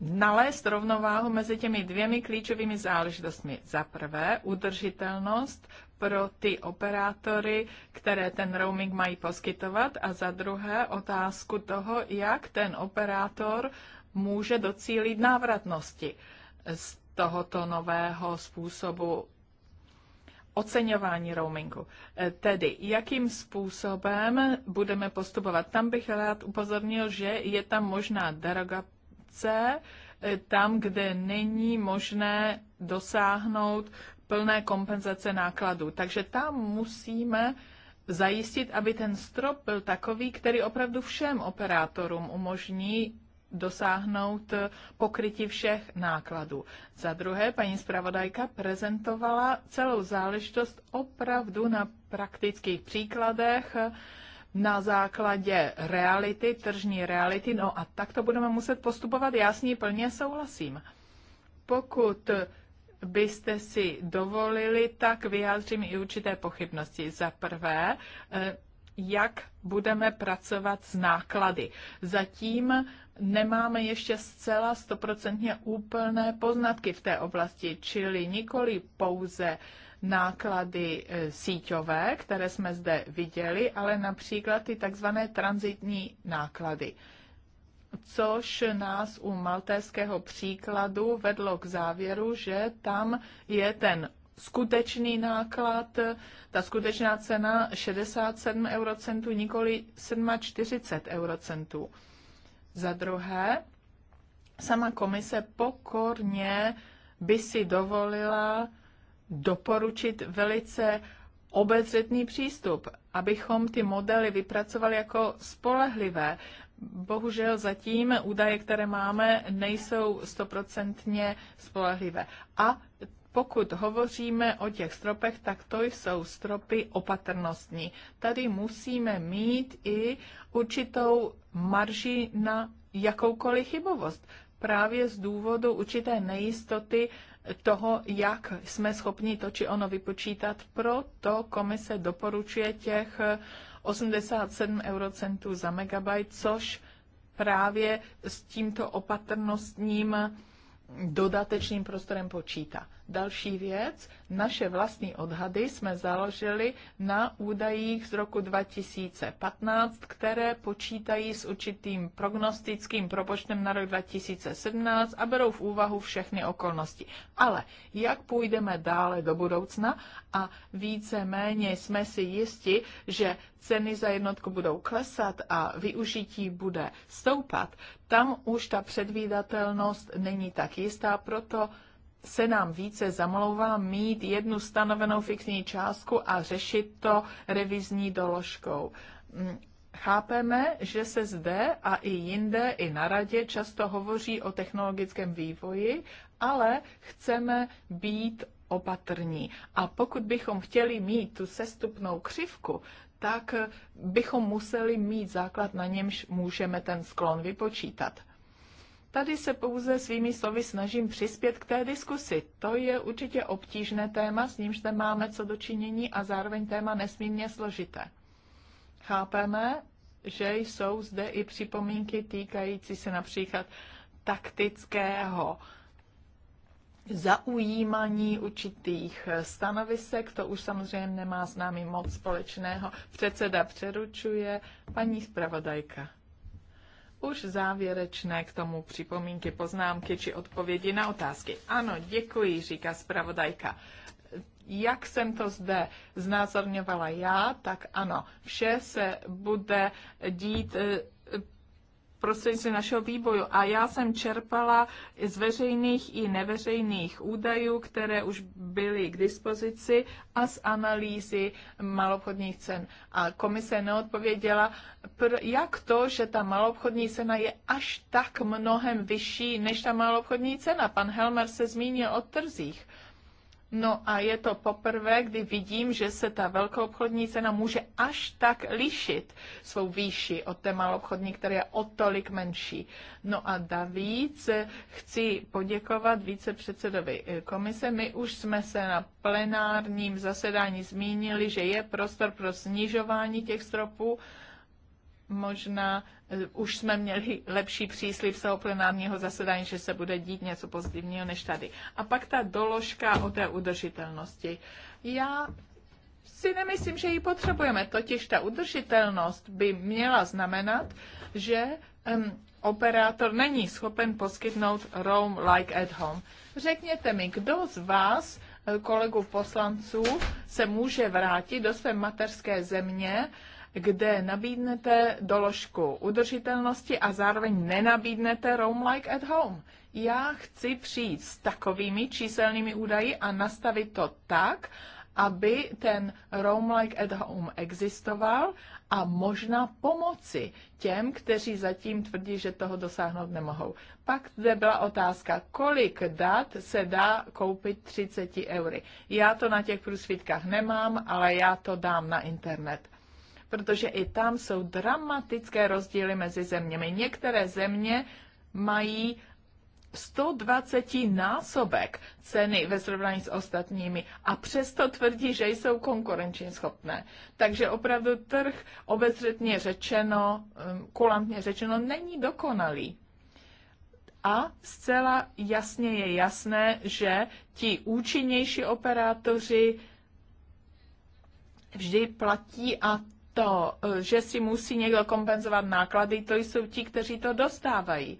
nalézt rovnováhu mezi těmi dvěmi klíčovými záležitostmi. Za prvé udržitelnost pro ty operátory, které ten roaming mají poskytovat a za druhé otázku toho, jak ten operátor může docílit návratnosti z tohoto nového způsobu oceňování roamingu. E, tedy, jakým způsobem budeme postupovat? Tam bych rád upozornil, že je tam možná derogace, e, tam, kde není možné dosáhnout plné kompenzace nákladů. Takže tam musíme zajistit, aby ten strop byl takový, který opravdu všem operátorům umožní dosáhnout pokrytí všech nákladů. Za druhé, paní zpravodajka prezentovala celou záležitost opravdu na praktických příkladech na základě reality, tržní reality, no a tak to budeme muset postupovat, já s ní plně souhlasím. Pokud byste si dovolili, tak vyjádřím i určité pochybnosti. Za prvé, eh, jak budeme pracovat s náklady. Zatím nemáme ještě zcela stoprocentně úplné poznatky v té oblasti, čili nikoli pouze náklady e, síťové, které jsme zde viděli, ale například ty takzvané transitní náklady což nás u maltéského příkladu vedlo k závěru, že tam je ten skutečný náklad, ta skutečná cena 67 eurocentů, nikoli 47 eurocentů. Za druhé, sama komise pokorně by si dovolila doporučit velice obezřetný přístup, abychom ty modely vypracovali jako spolehlivé. Bohužel zatím údaje, které máme, nejsou stoprocentně spolehlivé. A pokud hovoříme o těch stropech, tak to jsou stropy opatrnostní. Tady musíme mít i určitou marži na jakoukoliv chybovost. Právě z důvodu určité nejistoty toho, jak jsme schopni to či ono vypočítat, proto komise doporučuje těch 87 eurocentů za megabyte, což právě s tímto opatrnostním dodatečným prostorem počítá. Další věc, naše vlastní odhady jsme založili na údajích z roku 2015, které počítají s určitým prognostickým propočtem na rok 2017 a berou v úvahu všechny okolnosti. Ale jak půjdeme dále do budoucna a více-méně jsme si jisti, že ceny za jednotku budou klesat a využití bude stoupat, tam už ta předvídatelnost není tak jistá, proto se nám více zamlouvá mít jednu stanovenou fixní částku a řešit to revizní doložkou. Mm, chápeme, že se zde a i jinde, i na radě často hovoří o technologickém vývoji, ale chceme být opatrní. A pokud bychom chtěli mít tu sestupnou křivku, tak bychom museli mít základ, na němž můžeme ten sklon vypočítat. Tady se pouze svými slovy snažím přispět k té diskusi. To je určitě obtížné téma, s nímž zde máme co dočinění a zároveň téma nesmírně složité. Chápeme, že jsou zde i připomínky týkající se například taktického zaujímaní určitých stanovisek, to už samozřejmě nemá s námi moc společného. Předseda přeručuje, paní zpravodajka už závěrečné k tomu připomínky, poznámky či odpovědi na otázky. Ano, děkuji, říká zpravodajka. Jak jsem to zde znázorňovala já, tak ano, vše se bude dít eh, prostřednictvím našeho výboju. A já jsem čerpala z veřejných i neveřejných údajů, které už byly k dispozici a z analýzy malobchodních cen. A komise neodpověděla, jak to, že ta malobchodní cena je až tak mnohem vyšší než ta malobchodní cena. Pan Helmer se zmínil o trzích. No a je to poprvé, kdy vidím, že se ta obchodní cena může až tak lišit svou výši od té obchodní, která je o tolik menší. No a Davíc chci poděkovat vícepředsedovi komise. My už jsme se na plenárním zasedání zmínili, že je prostor pro snižování těch stropů možná eh, už jsme měli lepší příslip z toho plenárního zasedání, že se bude dít něco pozitivního než tady. A pak ta doložka o té udržitelnosti. Já si nemyslím, že ji potřebujeme. Totiž ta udržitelnost by měla znamenat, že um, operátor není schopen poskytnout roam like at home. Řekněte mi, kdo z vás, eh, kolegů poslanců, se může vrátit do své mateřské země kde nabídnete doložku udržitelnosti a zároveň nenabídnete Roam Like at Home. Já chci přijít s takovými číselnými údaji a nastavit to tak, aby ten Roam Like at Home existoval a možná pomoci těm, kteří zatím tvrdí, že toho dosáhnout nemohou. Pak zde byla otázka, kolik dat se dá koupit 30 eury. Já to na těch průsvitkách nemám, ale já to dám na internet protože i tam jsou dramatické rozdíly mezi zeměmi. Některé země mají 120 násobek ceny ve srovnání s ostatními a přesto tvrdí, že jsou konkurenčně schopné. Takže opravdu trh obezřetně řečeno, um, kulantně řečeno, není dokonalý. A zcela jasně je jasné, že ti účinnější operátoři vždy platí a to, že si musí někdo kompenzovat náklady, to jsou ti, kteří to dostávají.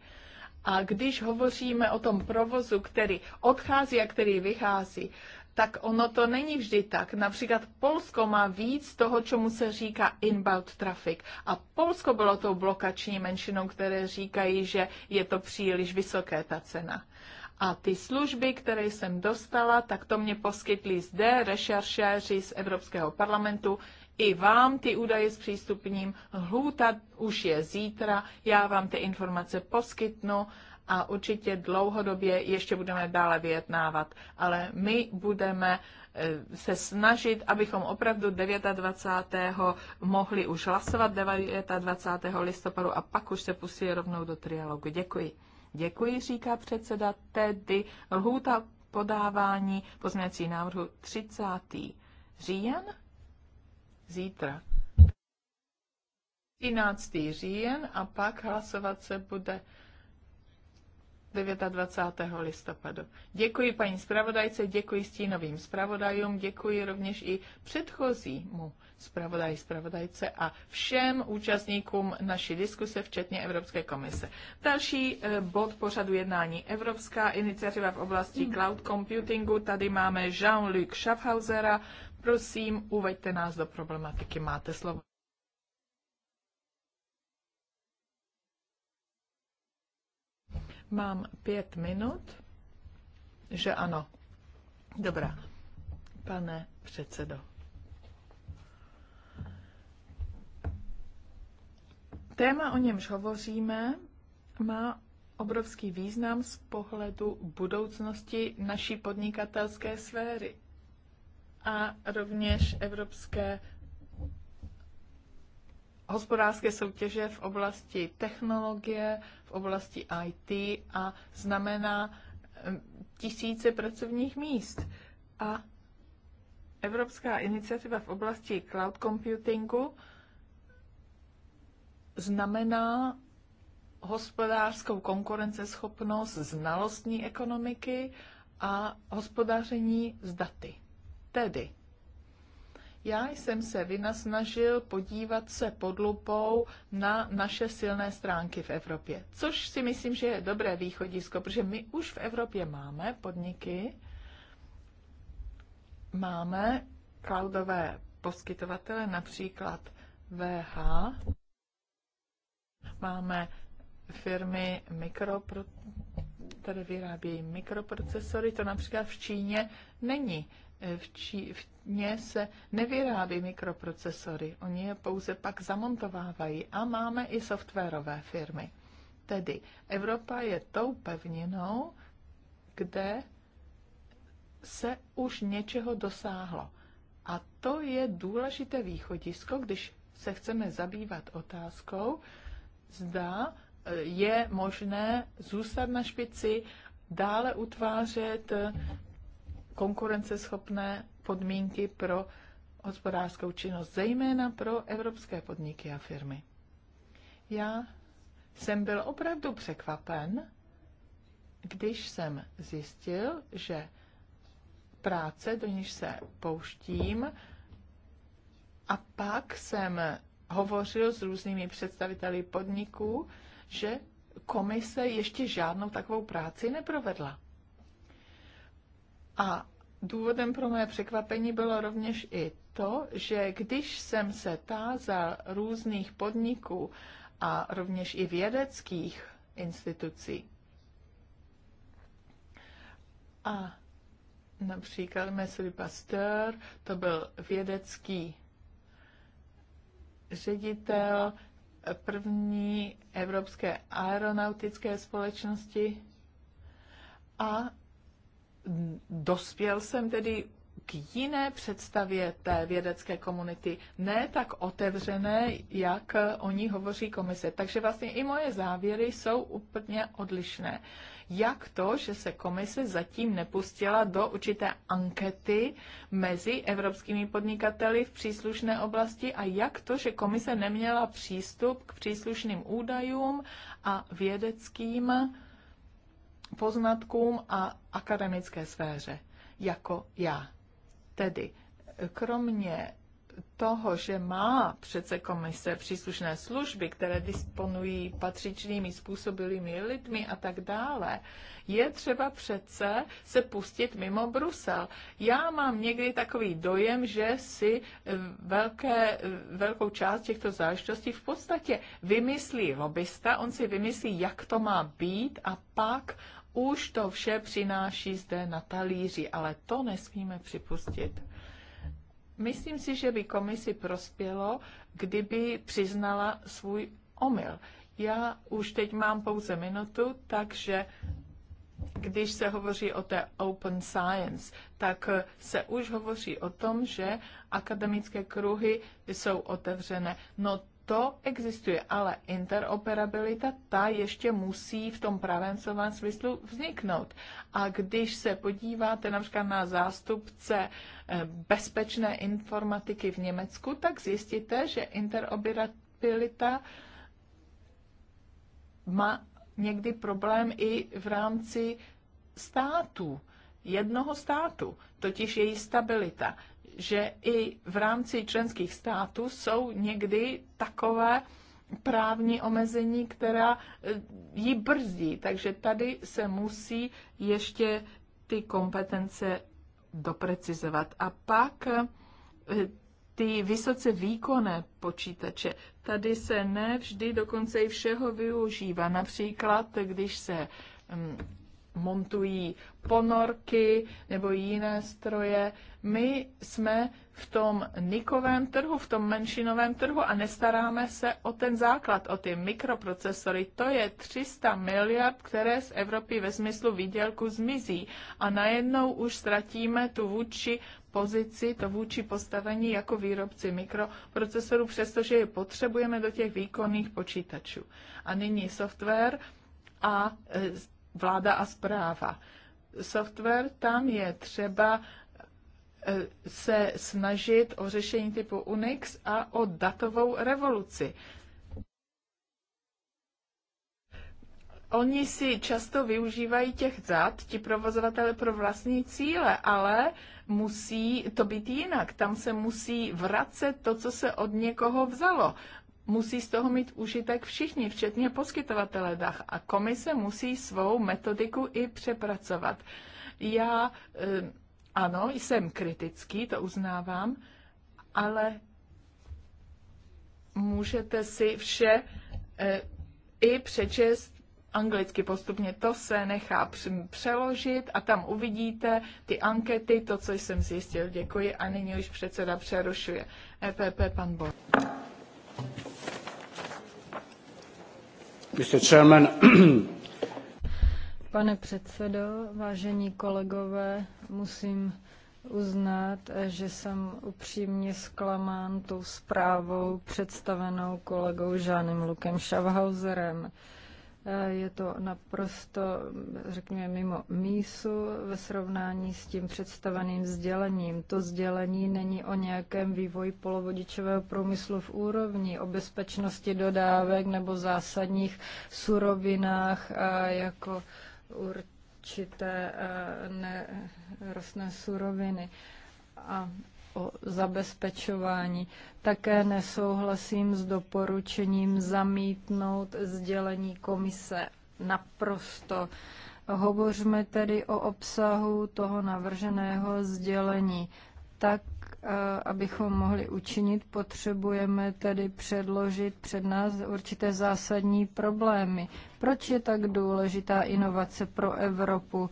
A když hovoříme o tom provozu, který odchází a který vychází, tak ono to není vždy tak. Například Polsko má víc toho, čemu se říká inbound traffic. A Polsko bylo tou blokační menšinou, které říkají, že je to příliš vysoké ta cena. A ty služby, které jsem dostala, tak to mě poskytli zde rešeršéři z Evropského parlamentu i vám ty údaje s přístupním. Hluta už je zítra, já vám ty informace poskytnu a určitě dlouhodobě ještě budeme dále vyjednávat. Ale my budeme e, se snažit, abychom opravdu 29. mohli už hlasovat 29. listopadu a pak už se pustili rovnou do trialogu. Děkuji. Děkuji, říká předseda Tedy. Lhůta podávání pozměňovací návrhu 30. říjen zítra. 13. říjen a pak hlasovat se bude 29. listopadu. Děkuji paní zpravodajce, děkuji stínovým zpravodajům, děkuji rovněž i předchozímu zpravodaj, zpravodajce a všem účastníkům naší diskuse, včetně Evropské komise. Další eh, bod pořadu jednání Evropská iniciativa v oblasti cloud computingu. Tady máme Jean-Luc Schaffhausera, Prosím, uveďte nás do problematiky. Máte slovo. Mám pět minut, že ano. Dobrá, pane předsedo. Téma, o němž hovoříme, má obrovský význam z pohledu budoucnosti naší podnikatelské sféry a rovněž evropské hospodářské soutěže v oblasti technologie, v oblasti IT a znamená eh, tisíce pracovních míst. A Evropská iniciativa v oblasti cloud computingu znamená hospodářskou konkurenceschopnost znalostní ekonomiky a hospodaření s daty. Tedy, já jsem se vynasnažil podívat se pod lupou na naše silné stránky v Evropě, což si myslím, že je dobré východisko, protože my už v Evropě máme podniky, máme cloudové poskytovatele, například VH, máme firmy mikro, které vyrábějí mikroprocesory, to například v Číně není v, či, v ně se nevyrábí mikroprocesory, oni je pouze pak zamontovávají a máme i softwarové firmy. Tedy Evropa je tou pevninou, kde se už něčeho dosáhlo. A to je důležité východisko, když se chceme zabývat otázkou, zda e, je možné zůstat na špici, dále utvářet konkurenceschopné podmínky pro hospodářskou činnost, zejména pro evropské podniky a firmy. Já jsem byl opravdu překvapen, když jsem zjistil, že práce, do níž se pouštím, a pak jsem hovořil s různými představiteli podniků, že komise ještě žádnou takovou práci neprovedla. A Důvodem pro mé překvapení bylo rovněž i to, že když jsem se tázal různých podniků a rovněž i vědeckých institucí, a například Messery Pasteur, to byl vědecký ředitel první Evropské aeronautické společnosti a dospěl jsem tedy k jiné představě té vědecké komunity, ne tak otevřené, jak o ní hovoří komise. Takže vlastně i moje závěry jsou úplně odlišné. Jak to, že se komise zatím nepustila do určité ankety mezi evropskými podnikateli v příslušné oblasti a jak to, že komise neměla přístup k příslušným údajům a vědeckým poznatkům a akademické sféře, jako já. Tedy kromě toho, že má přece komise příslušné služby, které disponují patřičnými způsobilými lidmi a tak dále, je třeba přece se pustit mimo Brusel. Já mám někdy takový dojem, že si eh, velké, eh, velkou část těchto záležitostí v podstatě vymyslí lobista, on si vymyslí, jak to má být a pak už to vše přináší zde na talíři, ale to nesmíme připustit. Myslím si, že by komisi prospělo, kdyby přiznala svůj omyl. Já už teď mám pouze minutu, takže když se hovoří o té open science, tak se už hovoří o tom, že akademické kruhy jsou otevřené. No to existuje, ale interoperabilita ta ještě musí v tom pravém slova smyslu vzniknout. A když se podíváte například na zástupce eh, bezpečné informatiky v Německu, tak zjistíte, že interoperabilita má někdy problém i v rámci státu jednoho státu, totiž její stabilita že i v rámci členských států jsou někdy takové právní omezení, která eh, ji brzdí. Takže tady se musí ještě ty kompetence doprecizovat. A pak eh, ty vysoce výkonné počítače. Tady se ne vždy dokonce i všeho využívá. Například, když se mm, montují ponorky nebo jiné stroje. My jsme v tom nikovém trhu, v tom menšinovém trhu a nestaráme se o ten základ, o ty mikroprocesory. To je 300 miliard, které z Evropy ve smyslu výdělku zmizí a najednou už ztratíme tu vůči pozici, to vůči postavení jako výrobci mikroprocesorů, přestože je potřebujeme do těch výkonných počítačů. A nyní software a e, vláda a zpráva. Software tam je třeba eh, se snažit o řešení typu Unix a o datovou revoluci. Oni si často využívají těch dat, ti provozovatele pro vlastní cíle, ale musí to být jinak. Tam se musí vracet to, co se od někoho vzalo musí z toho mít užitek všichni, včetně poskytovatele dach. A komise musí svou metodiku i přepracovat. Já eh, ano, jsem kritický, to uznávám, ale můžete si vše eh, i přečest anglicky postupně. To se nechá přeložit a tam uvidíte ty ankety, to, co jsem zjistil. Děkuji a nyní už předseda přerušuje. EPP pan Bor. Pane předsedo, vážení kolegové, musím uznat, že jsem upřímně zklamán tou zprávou představenou kolegou Žánem Lukem Schaffhauserem. Eh, je to naprosto, řekněme, mimo mísu ve srovnání s tím představeným sdělením. To sdělení není o nějakém vývoji polovodičového průmyslu v úrovni, o bezpečnosti dodávek nebo zásadních surovinách, eh, jako určité eh, nerostné suroviny. A o zabezpečování. Také nesouhlasím s doporučením zamítnout sdělení komise naprosto. Hovořme tedy o obsahu toho navrženého sdělení. Tak, eh, abychom mohli učinit, potřebujeme tedy předložit před nás určité zásadní problémy. Proč je tak důležitá inovace pro Evropu?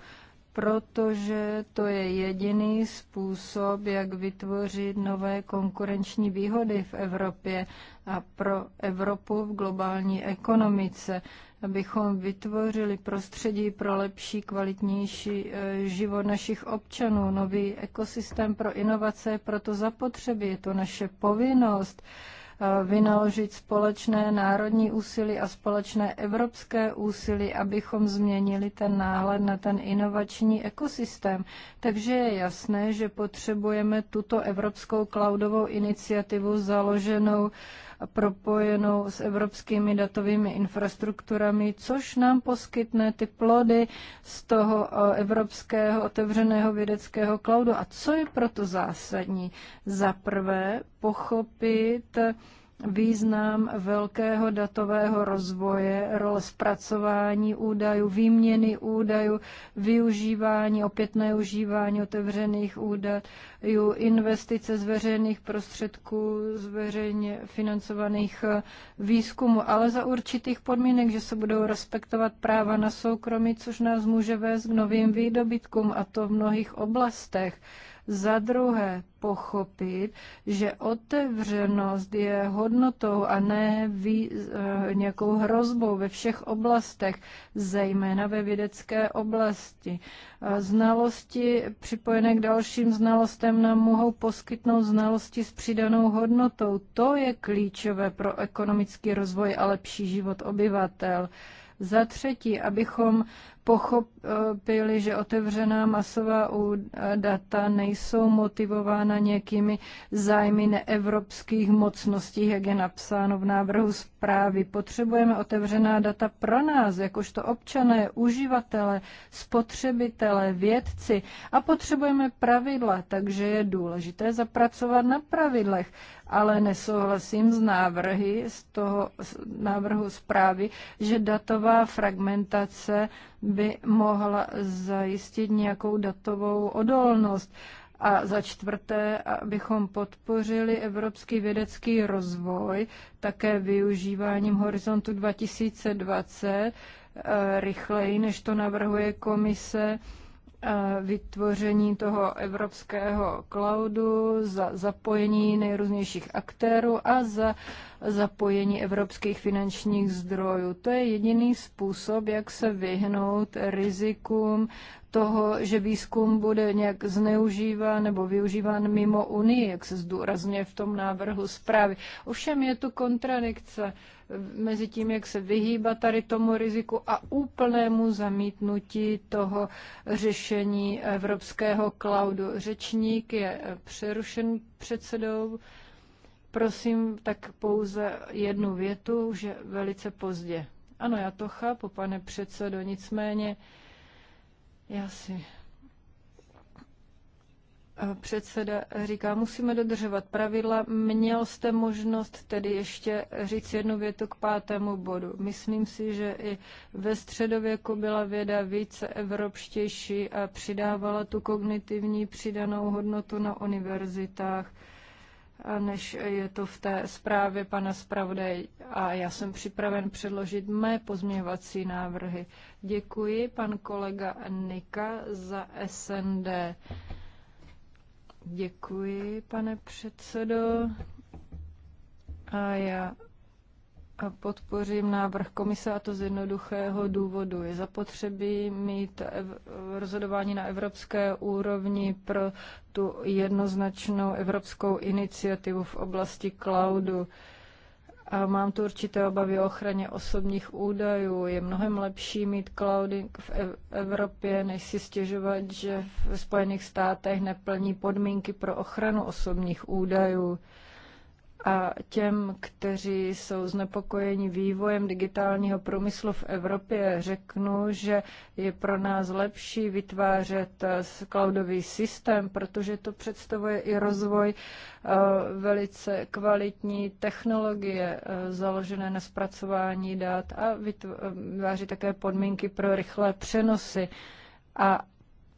protože to je jediný způsob, jak vytvořit nové konkurenční výhody v Evropě a pro Evropu v globální ekonomice, abychom vytvořili prostředí pro lepší, kvalitnější eh, život našich občanů. Nový ekosystém pro inovace proto zapotřebí, je to naše povinnost. Eh, vynaložit společné národní úsilí a společné evropské úsilí, abychom změnili ten náhled na ten inovační ekosystém. Takže je jasné, že potřebujeme tuto evropskou cloudovou iniciativu založenou propojenou s evropskými datovými infrastrukturami, což nám poskytne ty plody z toho eh, evropského otevřeného vědeckého cloudu. A co je proto zásadní? Za prvé pochopit, význam velkého datového rozvoje, role zpracování údajů, výměny údajů, využívání, opětné užívání otevřených údajů, investice z veřejných prostředků, z veřejně financovaných eh, výzkumů, ale za určitých podmínek, že se budou respektovat práva na soukromí, což nás může vést k novým výdobytkům a to v mnohých oblastech za druhé, pochopit, že otevřenost je hodnotou a ne vý, e, nějakou hrozbou ve všech oblastech, zejména ve vědecké oblasti. E, znalosti připojené k dalším znalostem nám mohou poskytnout znalosti s přidanou hodnotou. To je klíčové pro ekonomický rozvoj a lepší život obyvatel. Za třetí, abychom pochop, pochopili, že otevřená masová data nejsou motivována nějakými zájmy neevropských mocností, jak je napsáno v návrhu zprávy. Potřebujeme otevřená data pro nás, jakožto občané, uživatele, spotřebitele, vědci a potřebujeme pravidla, takže je důležité zapracovat na pravidlech ale nesouhlasím s návrhy z toho z návrhu zprávy, že datová fragmentace by mohla mohla zajistit nějakou datovou odolnost. A za čtvrté, abychom podpořili evropský vědecký rozvoj, také využíváním Horizontu 2020, eh, rychleji, než to navrhuje komise, eh, vytvoření toho evropského cloudu, za zapojení nejrůznějších aktérů a za zapojení evropských finančních zdrojů. To je jediný způsob, jak se vyhnout rizikům toho, že výzkum bude nějak zneužíván nebo využíván mimo Unii, jak se zdůrazně v tom návrhu zprávy. Ovšem je tu kontradikce mezi tím, jak se vyhýba tady tomu riziku a úplnému zamítnutí toho řešení evropského cloudu. Řečník je přerušen předsedou. Prosím tak pouze jednu větu, že velice pozdě. Ano, já to chápu, pane předsedo, nicméně já si předseda říká, musíme dodržovat pravidla. Měl jste možnost tedy ještě říct jednu větu k pátému bodu. Myslím si, že i ve středověku byla věda více evropštější a přidávala tu kognitivní přidanou hodnotu na univerzitách než je to v té zprávě pana zpravodaj a já jsem připraven předložit mé pozměňovací návrhy. Děkuji pan kolega Nika za SND. Děkuji, pane předsedo. A já podpořím návrh komise a to z jednoduchého důvodu. Je zapotřebí mít rozhodování na evropské úrovni pro tu jednoznačnou evropskou iniciativu v oblasti cloudu. A mám tu určité obavy o ochraně osobních údajů. Je mnohem lepší mít clouding v Evropě, než si stěžovat, že v Spojených státech neplní podmínky pro ochranu osobních údajů. A těm, kteří jsou znepokojeni vývojem digitálního průmyslu v Evropě, řeknu, že je pro nás lepší vytvářet eh, cloudový systém, protože to představuje i rozvoj eh, velice kvalitní technologie eh, založené na zpracování dat a vytváří také podmínky pro rychlé přenosy. A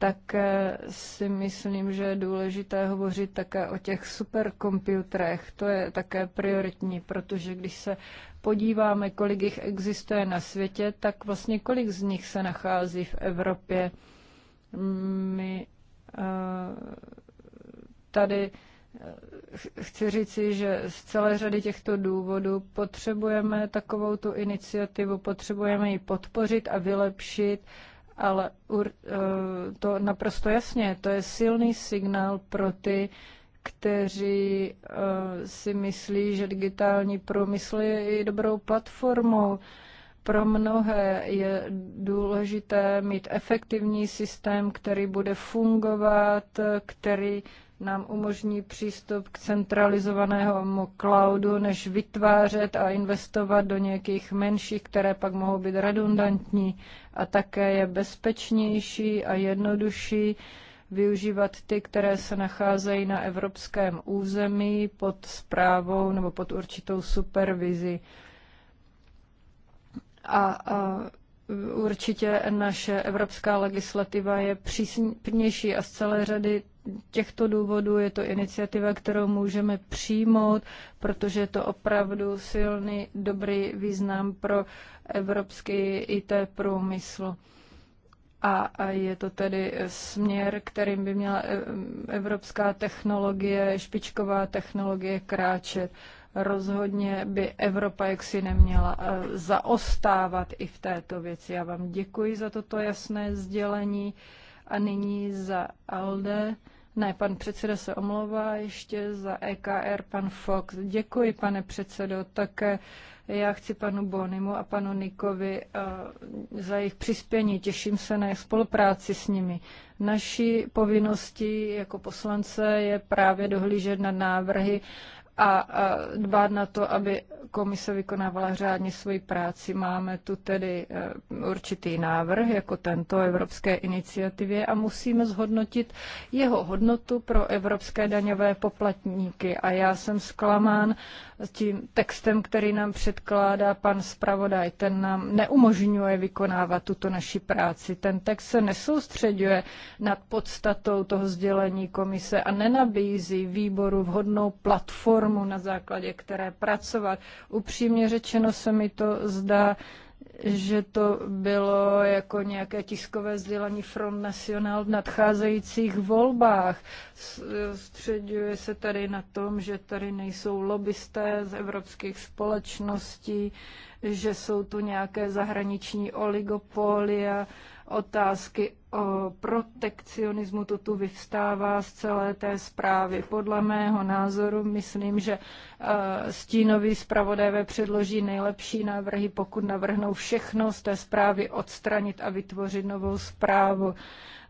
tak eh, si myslím, že je důležité hovořit také o těch superkomputerech. To je také prioritní, protože když se podíváme, kolik jich existuje na světě, tak vlastně kolik z nich se nachází v Evropě. My eh, tady eh, chci říci, že z celé řady těchto důvodů potřebujeme takovou tu iniciativu, potřebujeme ji podpořit a vylepšit ale ur, eh, to naprosto jasně, to je silný signál pro ty, kteří eh, si myslí, že digitální průmysl je i dobrou platformou. Pro mnohé je důležité mít efektivní systém, který bude fungovat, eh, který nám umožní přístup k centralizovanému cloudu, než vytvářet a investovat do nějakých menších, které pak mohou být redundantní a také je bezpečnější a jednodušší využívat ty, které se nacházejí na evropském území pod zprávou nebo pod určitou supervizi. A, a Určitě naše evropská legislativa je přísnější a z celé řady těchto důvodů je to iniciativa, kterou můžeme přijmout, protože je to opravdu silný, dobrý význam pro evropský IT průmysl. A, a je to tedy směr, kterým by měla eh, evropská technologie, špičková technologie kráčet. Rozhodně by Evropa jaksi neměla eh, zaostávat i v této věci. Já vám děkuji za toto jasné sdělení a nyní za ALDE. Ne, pan předseda se omlouvá ještě za EKR, pan Fox. Děkuji, pane předsedo. Také já chci panu Bonimu a panu Nikovi eh, za jejich přispění. Těším se na spolupráci s nimi. Naší povinností jako poslance je právě dohlížet na návrhy a dbát na to, aby komise vykonávala řádně svoji práci. Máme tu tedy e, určitý návrh, jako tento Evropské iniciativě a musíme zhodnotit jeho hodnotu pro evropské daňové poplatníky. A já jsem zklamán tím textem, který nám předkládá pan zpravodaj. Ten nám neumožňuje vykonávat tuto naši práci. Ten text se nesoustředuje nad podstatou toho sdělení komise a nenabízí výboru vhodnou platformu, normu, na základě které pracovat. Upřímně řečeno se mi to zdá, že to bylo jako nějaké tiskové sdělení Front National v nadcházejících volbách. Středuje se tady na tom, že tady nejsou lobbysté z evropských společností, že jsou tu nějaké zahraniční oligopolia otázky o protekcionismu, to tu vyvstává z celé té zprávy. Podle mého názoru myslím, že eh, stínový zpravodajové předloží nejlepší návrhy, pokud navrhnou všechno z té zprávy odstranit a vytvořit novou zprávu.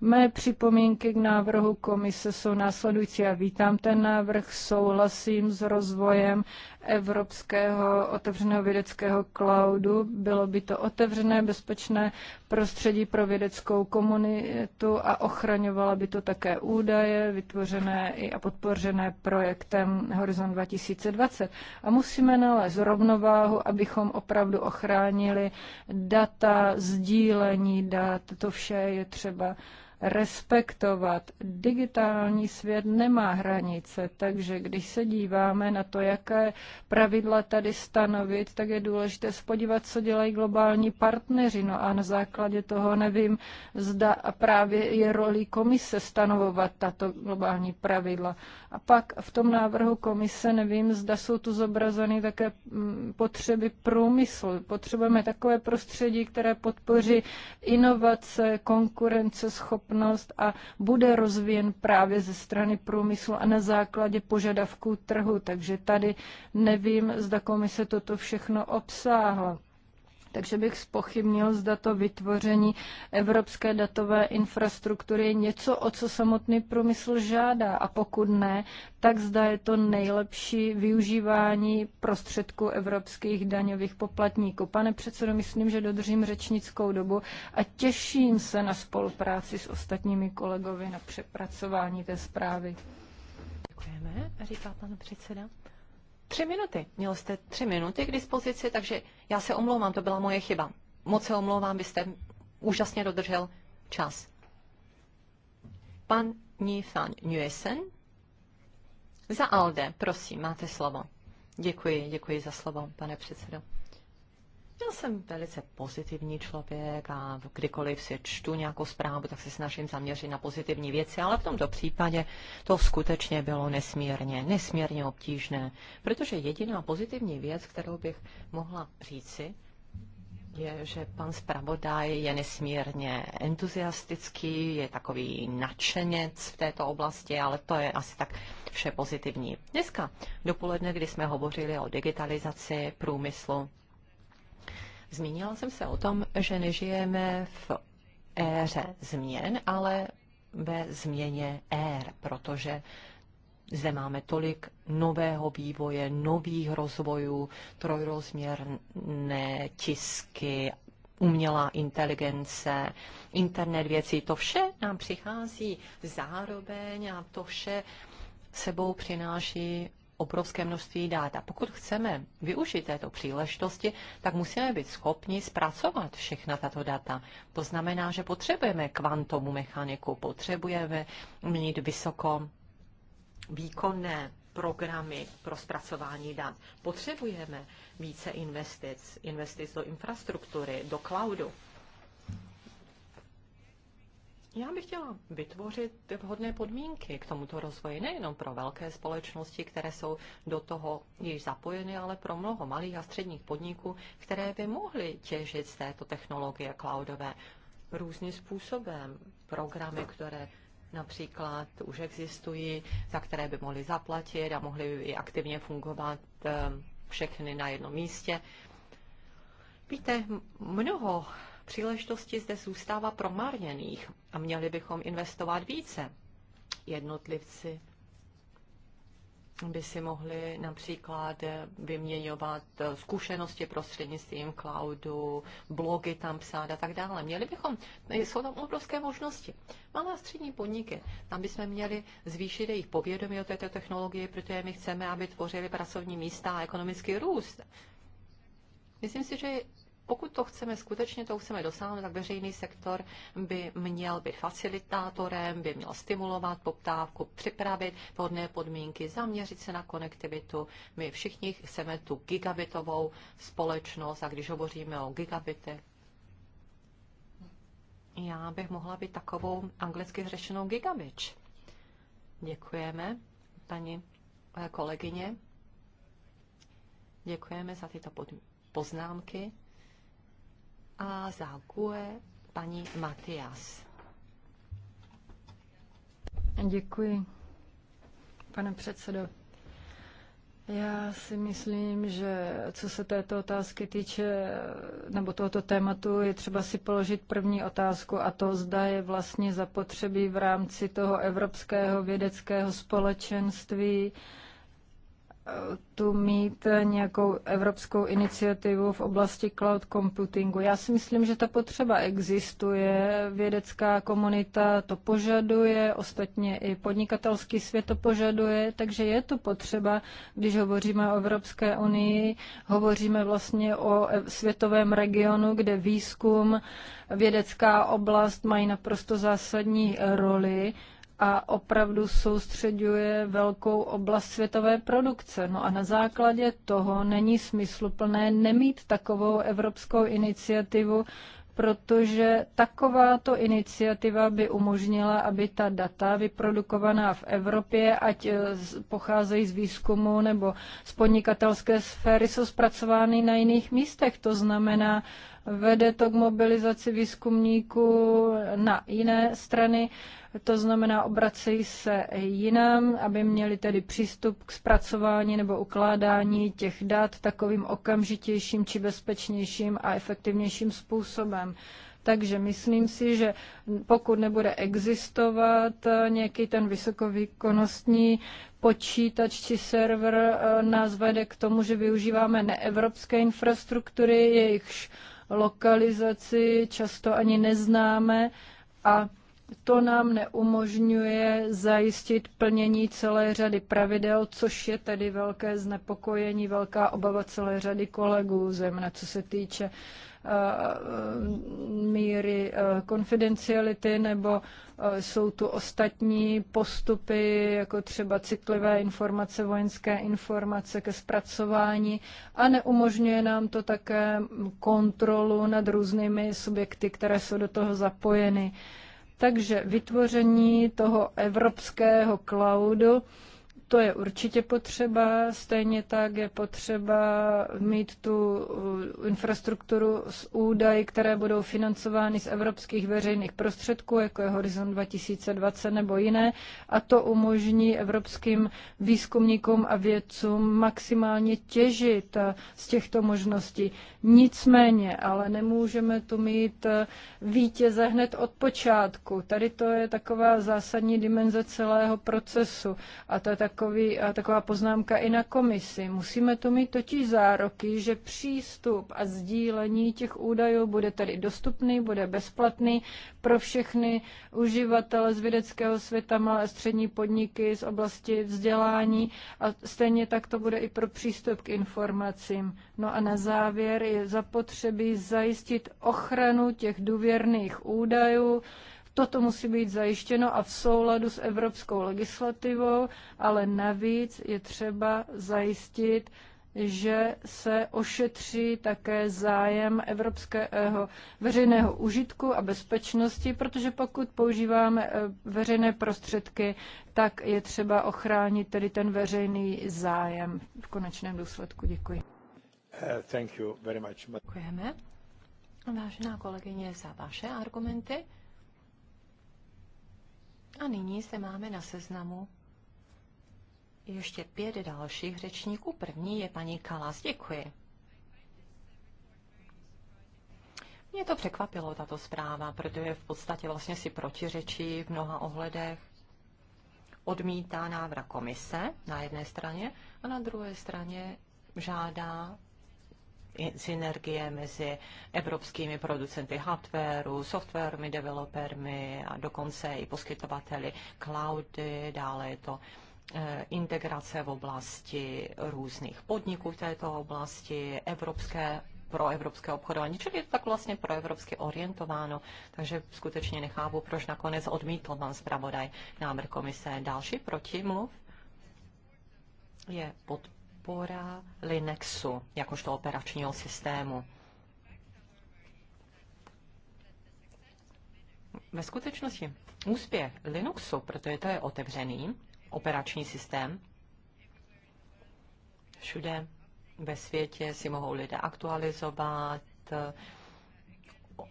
Mé připomínky k návrhu komise jsou následující. Já vítám ten návrh, souhlasím s rozvojem evropského otevřeného vědeckého cloudu. Bylo by to otevřené, bezpečné prostředí pro vědeckou komunitu a ochraňovala by to také údaje vytvořené i a podpořené projektem Horizon 2020. A musíme nalézt rovnováhu, abychom opravdu ochránili data, sdílení dat, to vše je třeba respektovat. Digitální svět nemá hranice, takže když se díváme na to, jaké pravidla tady stanovit, tak je důležité spodívat, co dělají globální partneři. No a na základě toho nevím, zda a právě je roli komise stanovovat tato globální pravidla. A pak v tom návrhu komise nevím, zda jsou tu zobrazeny také mm, potřeby průmyslu. Potřebujeme takové prostředí, které podpoří inovace, konkurenceschopnost, schopnost a bude rozvíjen právě ze strany průmyslu a na základě požadavků trhu. Takže tady nevím, zda komise toto všechno obsáhla. Takže bych spochybnil, zda to vytvoření evropské datové infrastruktury je něco, o co samotný průmysl žádá. A pokud ne, tak zda je to nejlepší využívání prostředků evropských daňových poplatníků. Pane předsedo, myslím, že dodržím řečnickou dobu a těším se na spolupráci s ostatními kolegovi na přepracování té zprávy. Děkujeme, říká pan předseda. Tři minuty. Měl jste tři minuty k dispozici, takže já se omlouvám, to byla moje chyba. Moc se omlouvám, vy jste úžasně dodržel čas. Pan Nifan Nguyen za ALDE, prosím, máte slovo. Děkuji, děkuji za slovo, pane předsedo. Já jsem velice pozitivní člověk a kdykoliv si čtu nějakou zprávu, tak se snažím zaměřit na pozitivní věci, ale v tomto případě to skutečně bylo nesmírně, nesmírně obtížné, protože jediná pozitivní věc, kterou bych mohla říci, je, že pan zpravodaj je nesmírně entuziastický, je takový nadšenec v této oblasti, ale to je asi tak vše pozitivní. Dneska dopoledne, kdy jsme hovořili o digitalizaci průmyslu, Zmínila jsem se o tom, že nežijeme v éře změn, ale ve změně ér, protože zde máme tolik nového vývoje, nových rozvojů, trojrozměrné tisky, umělá inteligence, internet věcí, to vše nám přichází zároveň a to vše sebou přináší obrovské množství dát. A pokud chceme využít této příležitosti, tak musíme být schopni zpracovat všechna tato data. To znamená, že potřebujeme kvantovou mechaniku, potřebujeme mít vysoko výkonné programy pro zpracování dat. Potřebujeme více investic, investic do infrastruktury, do cloudu. Já bych chtěla vytvořit vhodné podmínky k tomuto rozvoji, nejenom pro velké společnosti, které jsou do toho již zapojeny, ale pro mnoho malých a středních podniků, které by mohly těžit z této technologie cloudové různým způsobem. Programy, které například už existují, za které by mohly zaplatit a mohly by i aktivně fungovat eh, všechny na jednom místě. Víte, mnoho příležitosti zde zůstává promárněných a měli bychom investovat více. Jednotlivci by si mohli například vyměňovat zkušenosti prostřednictvím cloudu, blogy tam psát a tak dále. Měli bychom, jsou tam obrovské možnosti. Malé a střední podniky, tam bychom měli zvýšit jejich povědomí o této technologii, protože my chceme, aby tvořili pracovní místa a ekonomický růst. Myslím si, že pokud to chceme skutečně, to chceme dosáhnout, tak veřejný sektor by měl být facilitátorem, by měl stimulovat poptávku, připravit vhodné podmínky, zaměřit se na konektivitu. My všichni chceme tu gigabitovou společnost a když hovoříme o gigabity, já bych mohla být takovou anglicky řešenou gigabit. Děkujeme, paní eh, kolegyně. Děkujeme za tyto poznámky a za paní Matias. Děkuji, pane předsedo. Já si myslím, že co se této otázky týče, nebo tohoto tématu, je třeba si položit první otázku a to zda je vlastně zapotřebí v rámci toho evropského vědeckého společenství tu mít nějakou evropskou iniciativu v oblasti cloud computingu. Já si myslím, že ta potřeba existuje, vědecká komunita to požaduje, ostatně i podnikatelský svět to požaduje, takže je to potřeba, když hovoříme o Evropské unii, hovoříme vlastně o světovém regionu, kde výzkum, vědecká oblast mají naprosto zásadní roli a opravdu soustředuje velkou oblast světové produkce. No a na základě toho není smysluplné nemít takovou evropskou iniciativu, protože takováto iniciativa by umožnila, aby ta data vyprodukovaná v Evropě, ať e, pocházejí z výzkumu nebo z podnikatelské sféry, jsou zpracovány na jiných místech. To znamená, Vede to k mobilizaci výzkumníků na jiné strany, to znamená, obracej se jinam, aby měli tedy přístup k zpracování nebo ukládání těch dat takovým okamžitějším či bezpečnějším a efektivnějším způsobem. Takže myslím si, že pokud nebude existovat nějaký ten vysokovýkonnostní počítač či server, eh, nás vede k tomu, že využíváme neevropské infrastruktury, jejichž lokalizaci často ani neznáme a to nám neumožňuje zajistit plnění celé řady pravidel, což je tedy velké znepokojení, velká obava celé řady kolegů, zejména co se týče Eh, míry eh, konfidenciality nebo eh, jsou tu ostatní postupy, jako třeba citlivé informace, vojenské informace ke zpracování a neumožňuje nám to také kontrolu nad různými subjekty, které jsou do toho zapojeny. Takže vytvoření toho evropského cloudu to je určitě potřeba, stejně tak je potřeba mít tu uh, infrastrukturu z údaji, které budou financovány z evropských veřejných prostředků, jako je Horizon 2020 nebo jiné, a to umožní evropským výzkumníkům a vědcům maximálně těžit uh, z těchto možností. Nicméně, ale nemůžeme tu mít uh, vítěze hned od počátku. Tady to je taková zásadní dimenze celého procesu a to je tak takový, taková poznámka i na komisi. Musíme to mít totiž zároky, že přístup a sdílení těch údajů bude tady dostupný, bude bezplatný pro všechny uživatele z vědeckého světa, malé a střední podniky z oblasti vzdělání a stejně tak to bude i pro přístup k informacím. No a na závěr je zapotřebí zajistit ochranu těch důvěrných údajů, Toto musí být zajištěno a v souladu s evropskou legislativou, ale navíc je třeba zajistit, že se ošetří také zájem evropského veřejného užitku a bezpečnosti, protože pokud používáme eh, veřejné prostředky, tak je třeba ochránit tedy ten veřejný zájem v konečném důsledku. Děkuji. Eh, thank you very much. Děkujeme. Vážená kolegyně, za vaše argumenty. A nyní se máme na seznamu ještě pět dalších řečníků. První je paní Kalas. Děkuji. Mě to překvapilo, tato zpráva, protože v podstatě vlastně si protiřečí v mnoha ohledech. Odmítá návrat komise na jedné straně a na druhé straně žádá synergie mezi evropskými producenty hardwareu, softwarmi, developermi a dokonce i poskytovateli cloudy, dále je to eh, integrace v oblasti různých podniků v této oblasti, evropské pro evropské obchodování, čili je to tak vlastně pro evropsky orientováno, takže skutečně nechápu, proč nakonec odmítl pan zpravodaj návrh komise. Další protimluv je pod podpora Linuxu jakožto operačního systému. Ve skutečnosti úspěch Linuxu, protože to je otevřený operační systém, všude ve světě si mohou lidé aktualizovat,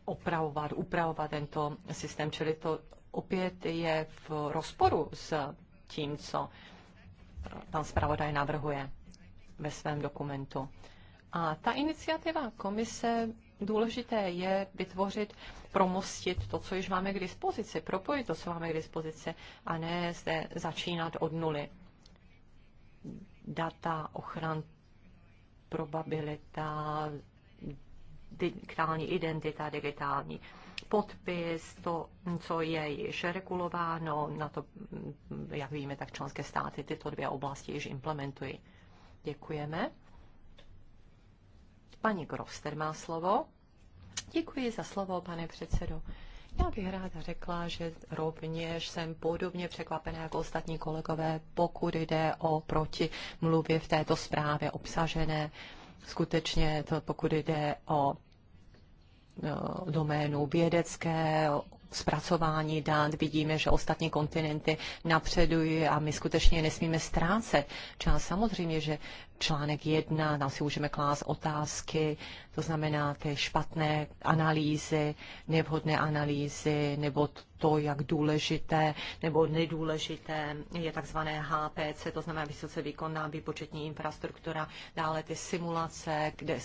opravovat, upravovat tento systém, čili to opět je v rozporu s tím, co pan zpravodaj navrhuje ve svém dokumentu. A ta iniciativa komise důležité je vytvořit, promostit to, co již máme k dispozici, propojit to, co máme k dispozici, a ne zde začínat od nuly. Data, ochran, probabilita, digitální identita, digitální podpis, to, co je již regulováno, na to, jak víme, tak členské státy tyto dvě oblasti již implementují. Děkujeme. Paní Grofster má slovo. Děkuji za slovo, pane předsedo. Já bych ráda řekla, že rovněž jsem podobně překvapená jako ostatní kolegové, pokud jde o protimluvy v této zprávě obsažené. Skutečně, to, pokud jde o no, doménu vědecké, zpracování dát. Vidíme, že ostatní kontinenty napředují a my skutečně nesmíme ztrácet čas. Samozřejmě, že článek jedna, tam si můžeme klást otázky, to znamená ty špatné analýzy, nevhodné analýzy, nebo to, jak důležité nebo nedůležité je takzvané HPC, to znamená vysoce výkonná výpočetní infrastruktura, dále ty simulace, kde,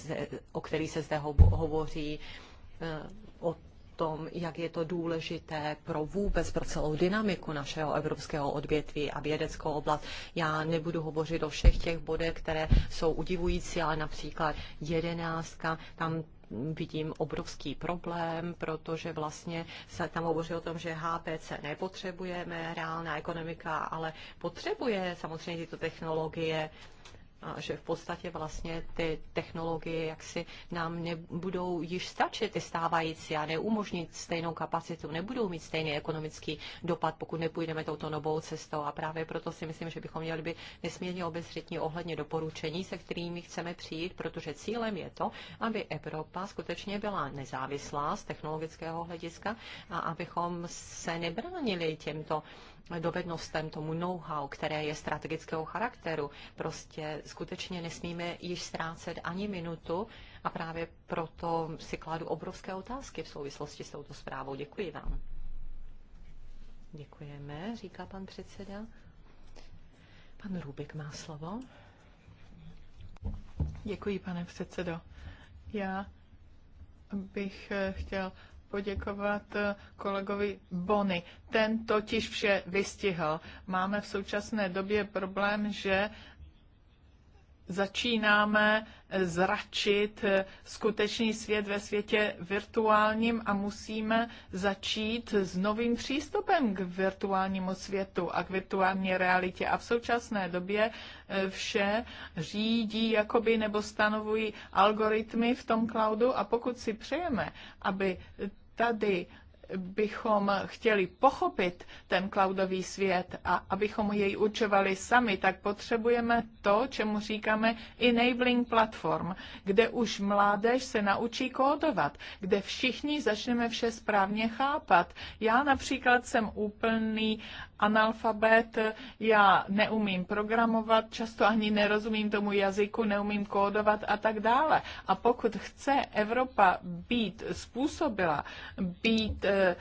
o kterých se zde hovoří, eh, o tom, jak je to důležité pro vůbec, pro celou dynamiku našeho evropského odvětví a vědeckou oblast. Já nebudu hovořit o všech těch bodech, které jsou udivující, ale například jedenáctka, tam vidím obrovský problém, protože vlastně se tam hovoří o tom, že HPC nepotřebujeme, reálná ekonomika, ale potřebuje samozřejmě tyto technologie že v podstatě vlastně ty technologie jaksi nám nebudou již stačit, ty stávající a neumožnit stejnou kapacitu, nebudou mít stejný ekonomický dopad, pokud nepůjdeme touto novou cestou. A právě proto si myslím, že bychom měli být nesmírně obezřetní ohledně doporučení, se kterými chceme přijít, protože cílem je to, aby Evropa skutečně byla nezávislá z technologického hlediska a abychom se nebránili těmto dovednostem, tomu know-how, které je strategického charakteru. Prostě skutečně nesmíme již ztrácet ani minutu a právě proto si kladu obrovské otázky v souvislosti s touto zprávou. Děkuji vám. Děkujeme, říká pan předseda. Pan Rubik má slovo. Děkuji, pane předsedo. Já bych chtěl poděkovat eh, kolegovi Bony. Ten totiž vše vystihl. Máme v současné době problém, že začínáme eh, zračit eh, skutečný svět ve světě virtuálním a musíme začít s novým přístupem k virtuálnímu světu a k virtuální realitě. A v současné době eh, vše řídí jakoby nebo stanovují algoritmy v tom cloudu a pokud si přejeme, aby tady bychom chtěli pochopit ten cloudový svět a abychom jej učovali sami, tak potřebujeme to, čemu říkáme enabling platform, kde už mládež se naučí kódovat, kde všichni začneme vše správně chápat. Já například jsem úplný analfabet, já neumím programovat, často ani nerozumím tomu jazyku, neumím kódovat a tak dále. A pokud chce Evropa být způsobila, být Eh,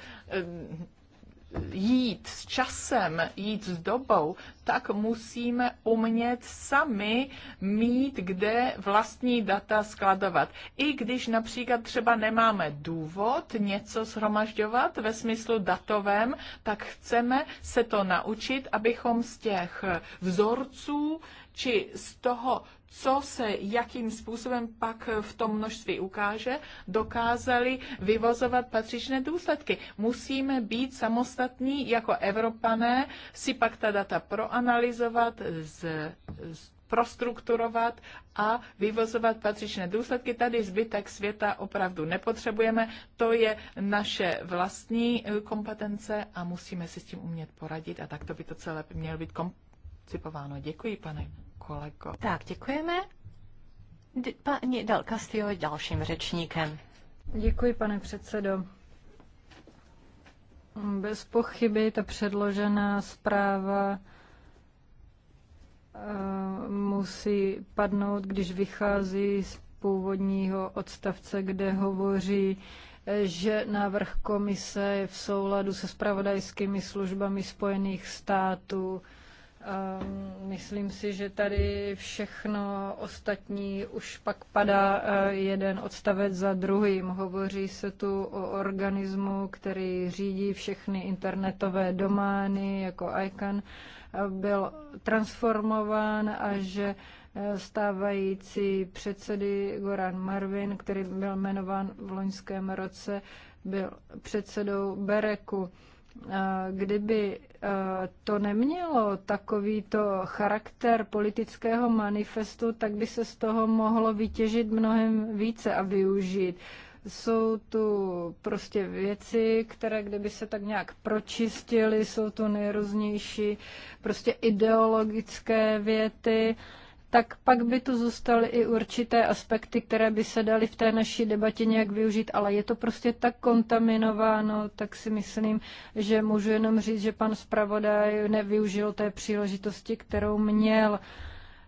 jít s časem, jít s dobou, tak musíme umět sami mít, kde vlastní data skladovat. I když například třeba nemáme důvod něco shromažďovat ve smyslu datovém, tak chceme se to naučit, abychom z těch vzorců či z toho, co se jakým způsobem pak v tom množství ukáže, dokázali vyvozovat patřičné důsledky. Musíme být samostatní jako Evropané, si pak ta data proanalizovat, z, z prostrukturovat a vyvozovat patřičné důsledky. Tady zbytek světa opravdu nepotřebujeme, to je naše vlastní eh, kompetence a musíme si s tím umět poradit a takto by to celé mělo být koncipováno. Děkuji, pane kolego. Tak, děkujeme. D- paní Del Castillo je dalším řečníkem. Děkuji, pane předsedo. Bez pochyby ta předložená zpráva eh, musí padnout, když vychází z původního odstavce, kde hovoří, eh, že návrh komise je v souladu se spravodajskými službami Spojených států Ehm, myslím si, že tady všechno ostatní už pak padá eh, jeden odstavec za druhým. Hovoří se tu o organismu, který řídí všechny internetové domány jako ICANN, eh, byl transformován a že eh, stávající předsedy Goran Marvin, který byl jmenován v loňském roce, byl předsedou Bereku. Eh, kdyby eh, to nemělo takovýto charakter politického manifestu, tak by se z toho mohlo vytěžit mnohem více a využít. Jsou tu prostě věci, které kdyby se tak nějak pročistily, jsou tu nejrůznější prostě ideologické věty, tak pak by tu zůstaly i určité aspekty, které by se daly v té naší debatě nějak využít, ale je to prostě tak kontaminováno, tak si myslím, že můžu jenom říct, že pan zpravodaj nevyužil té příležitosti, kterou měl.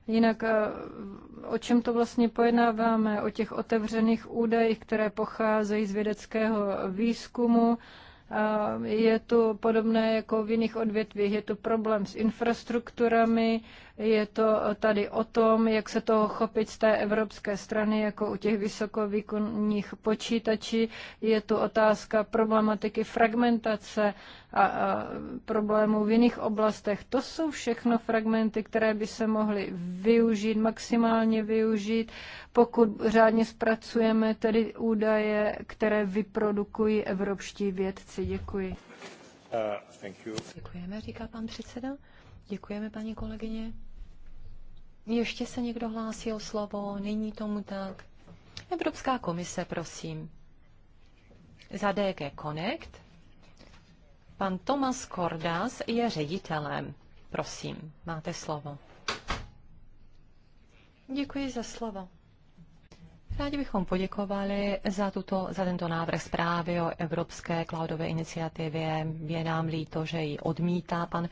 Jinak eh, o čem to vlastně pojednáváme? O těch otevřených údajích, které pocházejí z vědeckého výzkumu. Eh, je to podobné jako v jiných odvětvích. Je to problém s infrastrukturami, je to tady o tom, jak se toho chopit z té evropské strany, jako u těch vysokovýkonních počítačí. Je tu otázka problematiky fragmentace a, a problémů v jiných oblastech. To jsou všechno fragmenty, které by se mohly využít, maximálně využít, pokud řádně zpracujeme tedy údaje, které vyprodukují evropští vědci. Děkuji. Uh, Děkujeme, říká pan předseda. Děkujeme, paní kolegyně. Ještě se někdo hlásí o slovo? Není tomu tak. Evropská komise, prosím. Za DG Connect. Pan Tomas Kordas je ředitelem. Prosím, máte slovo. Děkuji za slovo. Rádi bychom poděkovali za, tuto, za tento návrh zprávy o Evropské cloudové iniciativě. Je nám líto, že ji odmítá pan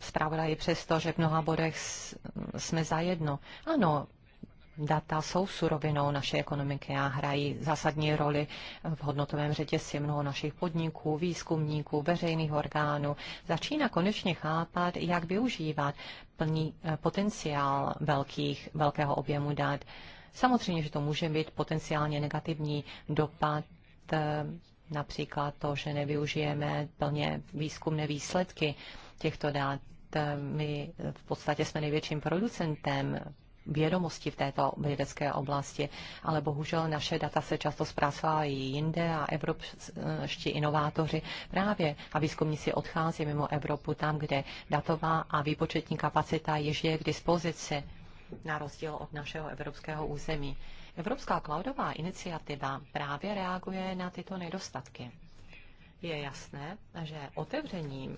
zpravodaji přesto, že v mnoha bodech jsme zajedno. Ano, data jsou surovinou naší ekonomiky a hrají zásadní roli v hodnotovém řetězci mnoho našich podniků, výzkumníků, veřejných orgánů. Začíná konečně chápat, jak využívat plný eh, potenciál velkých, velkého objemu dat. Samozřejmě, že to může být potenciálně negativní dopad eh, například to, že nevyužijeme plně výzkumné výsledky těchto dát. My v podstatě jsme největším producentem vědomosti v této vědecké oblasti, ale bohužel naše data se často zpracovávají jinde a evropští inovátoři právě a výzkumníci odchází mimo Evropu tam, kde datová a výpočetní kapacita již je k dispozici na rozdíl od našeho evropského území. Evropská cloudová iniciativa právě reaguje na tyto nedostatky. Je jasné, že otevřením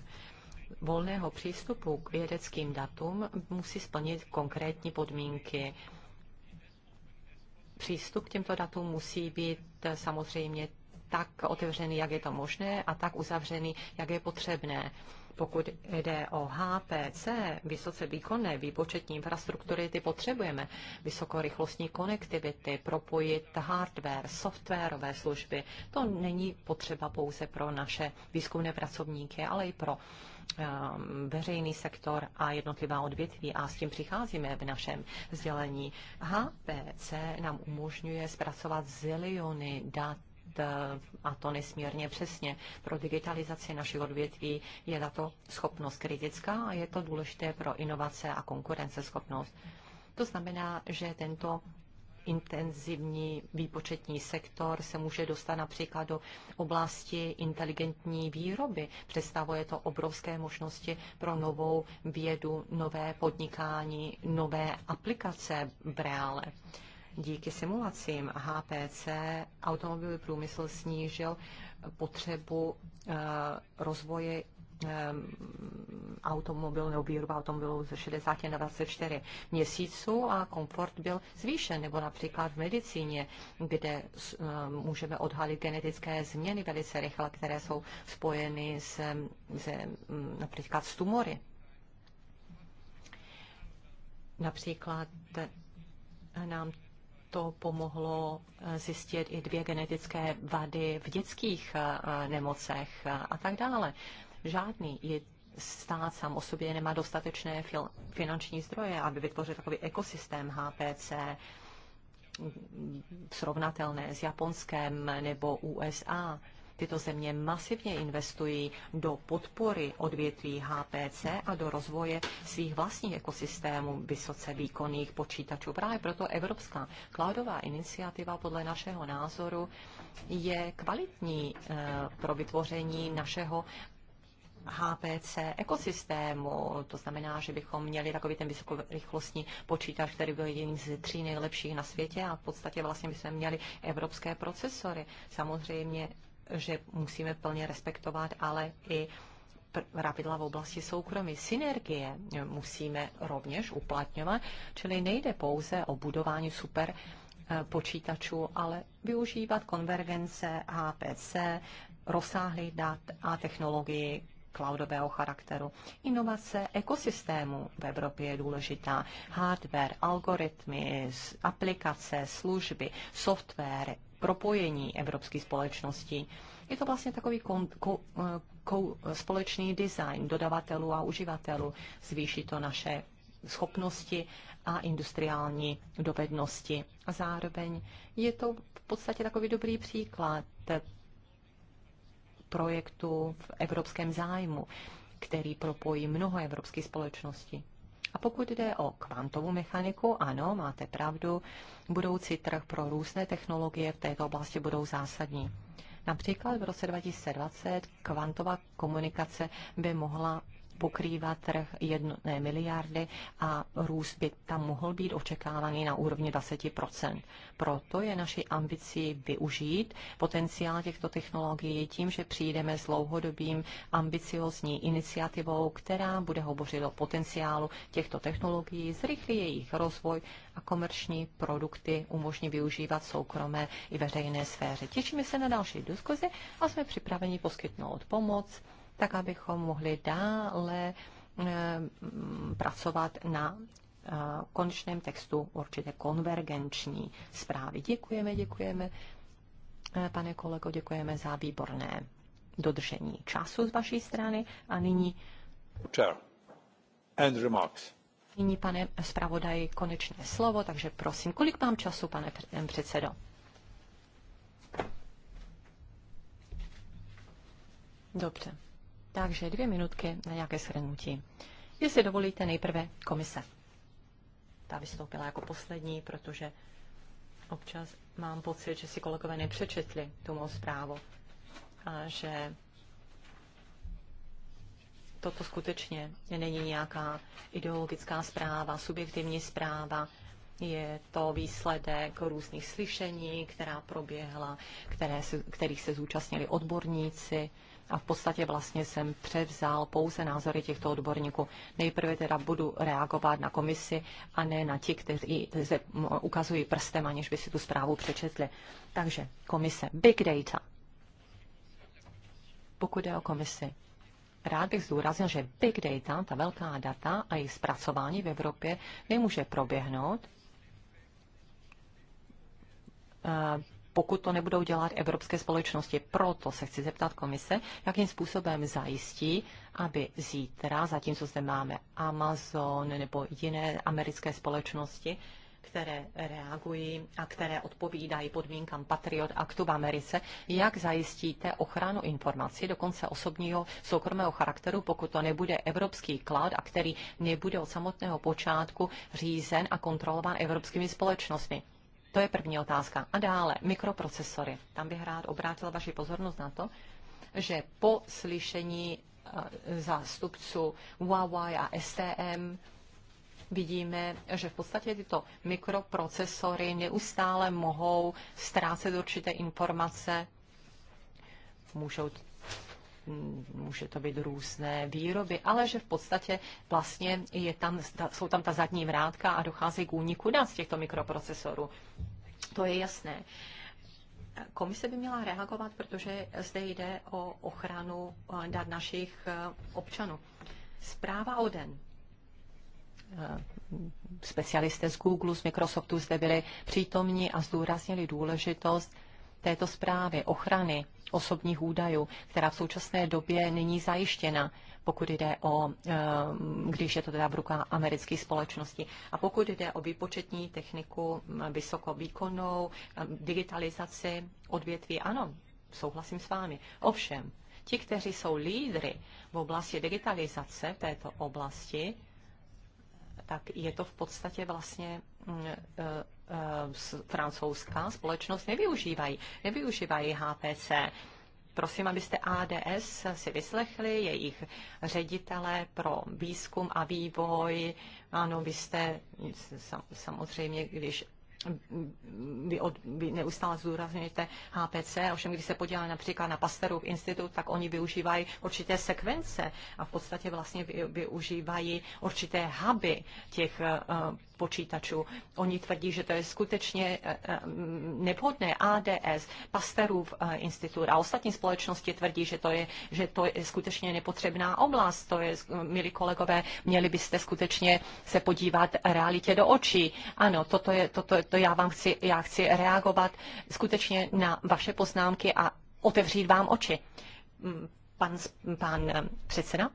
volného přístupu k vědeckým datům musí splnit konkrétní podmínky. Přístup k těmto datům musí být samozřejmě tak otevřený, jak je to možné, a tak uzavřený, jak je potřebné. Pokud jde o HPC, vysoce výkonné výpočetní infrastruktury, ty potřebujeme. Vysokorychlostní konektivity, propojit hardware, softwarové služby. To není potřeba pouze pro naše výzkumné pracovníky, ale i pro Ehm, veřejný sektor a jednotlivá odvětví a s tím přicházíme v našem sdělení. HPC nám umožňuje zpracovat ziliony dat eh, a to nesmírně přesně. Pro digitalizaci našich odvětví je tato schopnost kritická a je to důležité pro inovace a konkurenceschopnost. To znamená, že tento intenzivní výpočetní sektor se může dostat například do oblasti inteligentní výroby. Představuje to obrovské možnosti pro novou vědu, nové podnikání, nové aplikace v reále. Díky simulacím HPC automobilový průmysl snížil potřebu eh, rozvoje Ehm, automobil nebo výroba automobilů ze 60 na 24 měsíců a komfort byl zvýšen. Nebo například v medicíně, kde ehm, můžeme odhalit genetické změny velice rychle, které jsou spojeny s, s mm, například s tumory. Například nám to pomohlo eh, zjistit i dvě genetické vady v dětských eh, nemocech eh, a tak dále žádný je stát sám o sobě nemá dostatečné finanční zdroje, aby vytvořil takový ekosystém HPC srovnatelné s Japonskem nebo USA. Tyto země masivně investují do podpory odvětví HPC a do rozvoje svých vlastních ekosystémů vysoce výkonných počítačů. Právě proto Evropská cloudová iniciativa podle našeho názoru je kvalitní eh, pro vytvoření našeho HPC ekosystému. To znamená, že bychom měli takový ten vysokorychlostní počítač, který byl jedním z tří nejlepších na světě a v podstatě vlastně bychom měli evropské procesory. Samozřejmě, že musíme plně respektovat, ale i pravidla v oblasti soukromí. Synergie musíme rovněž uplatňovat, čili nejde pouze o budování super eh, počítačů, ale využívat konvergence HPC, rozsáhlých dat a technologii, cloudového charakteru. Inovace ekosystému v Evropě je důležitá. Hardware, algoritmy, aplikace, služby, software, propojení evropských společností. Je to vlastně takový kon, ko, ko, společný design dodavatelů a uživatelů. Zvýší to naše schopnosti a industriální dovednosti. A zároveň je to v podstatě takový dobrý příklad projektu v evropském zájmu, který propojí mnoho evropských společností. A pokud jde o kvantovou mechaniku, ano, máte pravdu, budoucí trh pro různé technologie v této oblasti budou zásadní. Například v roce 2020 kvantová komunikace by mohla pokrývat trh jedné miliardy a růst by tam mohl být očekávaný na úrovni 20%. Proto je naší ambicí využít potenciál těchto technologií tím, že přijdeme s dlouhodobým ambiciozní iniciativou, která bude hovořit o potenciálu těchto technologií, zrychlí jejich rozvoj a komerční produkty umožní využívat soukromé i veřejné sféře. Těšíme se na další diskuzi a jsme připraveni poskytnout pomoc tak abychom mohli dále eh, pracovat na eh, konečném textu určité konvergenční zprávy. Děkujeme, děkujeme, eh, pane kolego, děkujeme za výborné dodržení času z vaší strany a nyní... And remarks. Nyní, pane zpravodaji, konečné slovo, takže prosím, kolik mám času, pane předsedo? Dobře. Takže dvě minutky na nějaké shrnutí. Jestli dovolíte, nejprve komise. Ta vystoupila jako poslední, protože občas mám pocit, že si kolegové nepřečetli tu mou zprávu a že toto skutečně není nějaká ideologická zpráva, subjektivní zpráva, je to výsledek různých slyšení, která proběhla, které se, kterých se zúčastnili odborníci a v podstatě vlastně jsem převzal pouze názory těchto odborníků. Nejprve teda budu reagovat na komisi a ne na ti, kteří se ukazují prstem, aniž by si tu zprávu přečetli. Takže komise, big data. Pokud jde o komisi, Rád bych zdůraznil, že big data, ta velká data a jejich zpracování v Evropě nemůže proběhnout pokud to nebudou dělat evropské společnosti. Proto se chci zeptat komise, jakým způsobem zajistí, aby zítra, zatímco zde máme Amazon nebo jiné americké společnosti, které reagují a které odpovídají podmínkám Patriot Aktu v Americe, jak zajistíte ochranu informací, dokonce osobního soukromého charakteru, pokud to nebude evropský cloud a který nebude od samotného počátku řízen a kontrolován evropskými společnostmi. To je první otázka. A dále, mikroprocesory. Tam bych rád obrátil vaši pozornost na to, že po slyšení eh, zástupců Huawei a STM vidíme, že v podstatě tyto mikroprocesory neustále mohou ztrácet určité informace, můžou může to být různé výroby, ale že v podstatě vlastně je tam, jsou tam ta zadní vrátka a dochází k úniku dat z těchto mikroprocesorů. To je jasné. Komise by měla reagovat, protože zde jde o ochranu eh, dat našich eh, občanů. Zpráva o den eh, specialisté z Google, z Microsoftu zde byli přítomní a zdůraznili důležitost této zprávy ochrany osobních údajů, která v současné době není zajištěna, pokud jde o, eh, když je to teda v rukách amerických společností. A pokud jde o výpočetní techniku eh, vysokovýkonnou, eh, digitalizaci odvětví, ano, souhlasím s vámi. Ovšem, ti, kteří jsou lídry v oblasti digitalizace této oblasti, tak je to v podstatě vlastně mm, Eh, francouzská společnost nevyužívají. Nevyužívají HPC. Prosím, abyste ADS si vyslechli, jejich ředitele pro výzkum a vývoj. Ano, vy jste samozřejmě, když vy, od, vy neustále zdůrazňujete HPC, ovšem když se podíváme například na Pasterův institut, tak oni využívají určité sekvence a v podstatě vlastně využívají určité huby těch eh, počítačů. Oni tvrdí, že to je skutečně eh, eh, nevhodné. ADS, Pasterův eh, institut a ostatní společnosti tvrdí, že to je, že to je skutečně nepotřebná oblast. To je, milí kolegové, měli byste skutečně se podívat realitě do očí. Ano, toto je, toto, to já vám chci, já chci reagovat skutečně na vaše poznámky a otevřít vám oči. Mm, pan, pan předseda?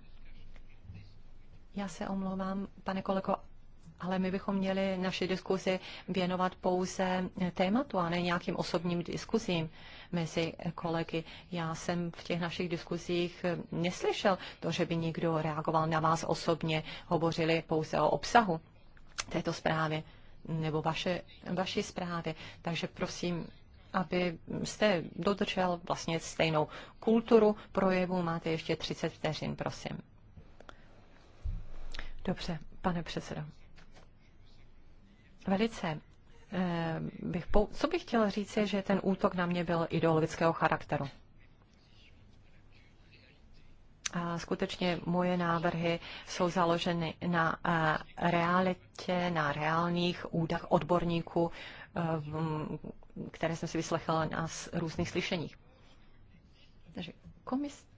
Já se omlouvám, pane kolego, ale my bychom měli naši diskuzi věnovat pouze tématu a ne nějakým osobním diskuzím mezi kolegy. Já jsem v těch našich diskuzích neslyšel to, že by někdo reagoval na vás osobně, hovořili pouze o obsahu této zprávy nebo vaše, vaší zprávy. Takže prosím, aby jste dodržel vlastně stejnou kulturu projevu. Máte ještě 30 vteřin, prosím. Dobře, pane předsedo velice eh, bych, co bych chtěl říct, je, že ten útok na mě byl ideologického charakteru. A skutečně moje návrhy jsou založeny na eh, realitě, na reálných údach odborníků, eh, které jsem si vyslechala na různých slyšeních. Takže komis,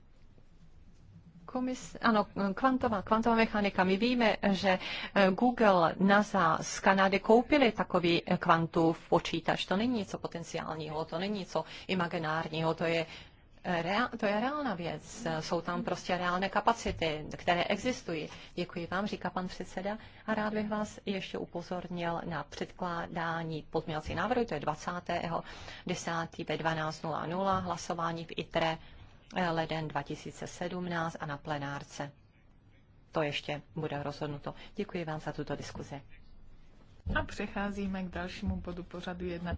komis, ano, kvantová, kvantová mechanika. My víme, že eh, Google, NASA z Kanady koupili takový eh, kvantův počítač. To není něco potenciálního, to není něco imaginárního, to je eh, Reál, to je reálná věc. Jsou tam prostě reálné kapacity, které existují. Děkuji vám, říká pan předseda. A rád bych vás ještě upozornil na předkládání podměnací návrhu, to je 20. 10. ve 12.00, hlasování v ITRE leden 2017 a na plenárce. To ještě bude rozhodnuto. Děkuji vám za tuto diskuzi. A přecházíme k dalšímu bodu pořadu jedna.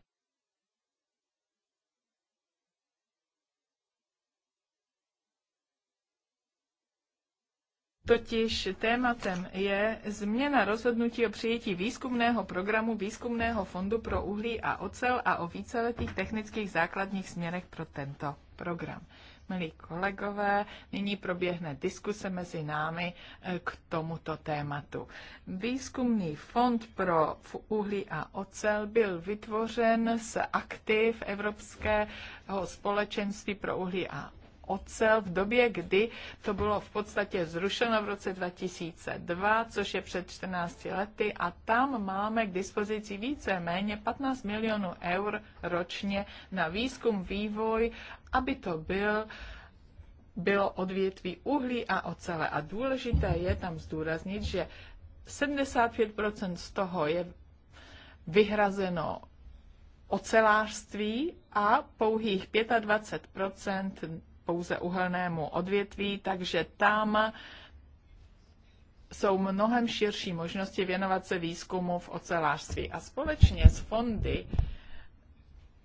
Totiž tématem je změna rozhodnutí o přijetí výzkumného programu Výzkumného fondu pro uhlí a ocel a o víceletých technických základních směrech pro tento program milí kolegové. Nyní proběhne diskuse mezi námi eh, k tomuto tématu. Výzkumný fond pro uhlí a ocel byl vytvořen z aktiv Evropského společenství pro uhlí a ocel v době, kdy to bylo v podstatě zrušeno v roce 2002, což je před 14 lety a tam máme k dispozici více méně 15 milionů eur ročně na výzkum, vývoj, aby to byl bylo odvětví uhlí a ocele. A důležité je tam zdůraznit, že 75% z toho je vyhrazeno ocelářství a pouhých 25 pouze uhelnému odvětví, takže tam jsou mnohem širší možnosti věnovat se výzkumu v ocelářství. A společně s fondy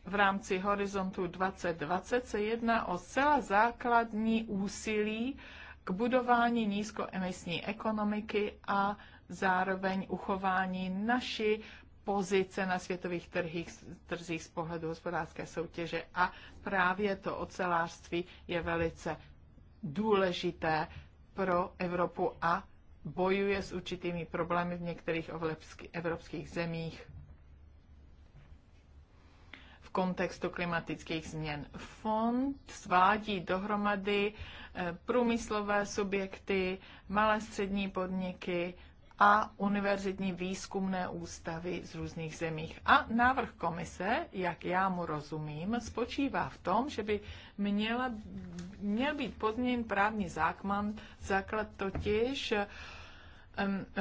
v rámci Horizontu 2020 se jedná o zcela základní úsilí k budování nízkoemisní ekonomiky a zároveň uchování naší pozice na světových trhích, trzích z pohledu hospodářské soutěže a právě to ocelářství je velice důležité pro Evropu a bojuje s určitými problémy v některých evropských zemích v kontextu klimatických změn. Fond svádí dohromady eh, průmyslové subjekty, malé střední podniky, a univerzitní výzkumné ústavy z různých zemích. A návrh komise, jak já mu rozumím, spočívá v tom, že by měla, měl být pozměněn právní zákman, základ totiž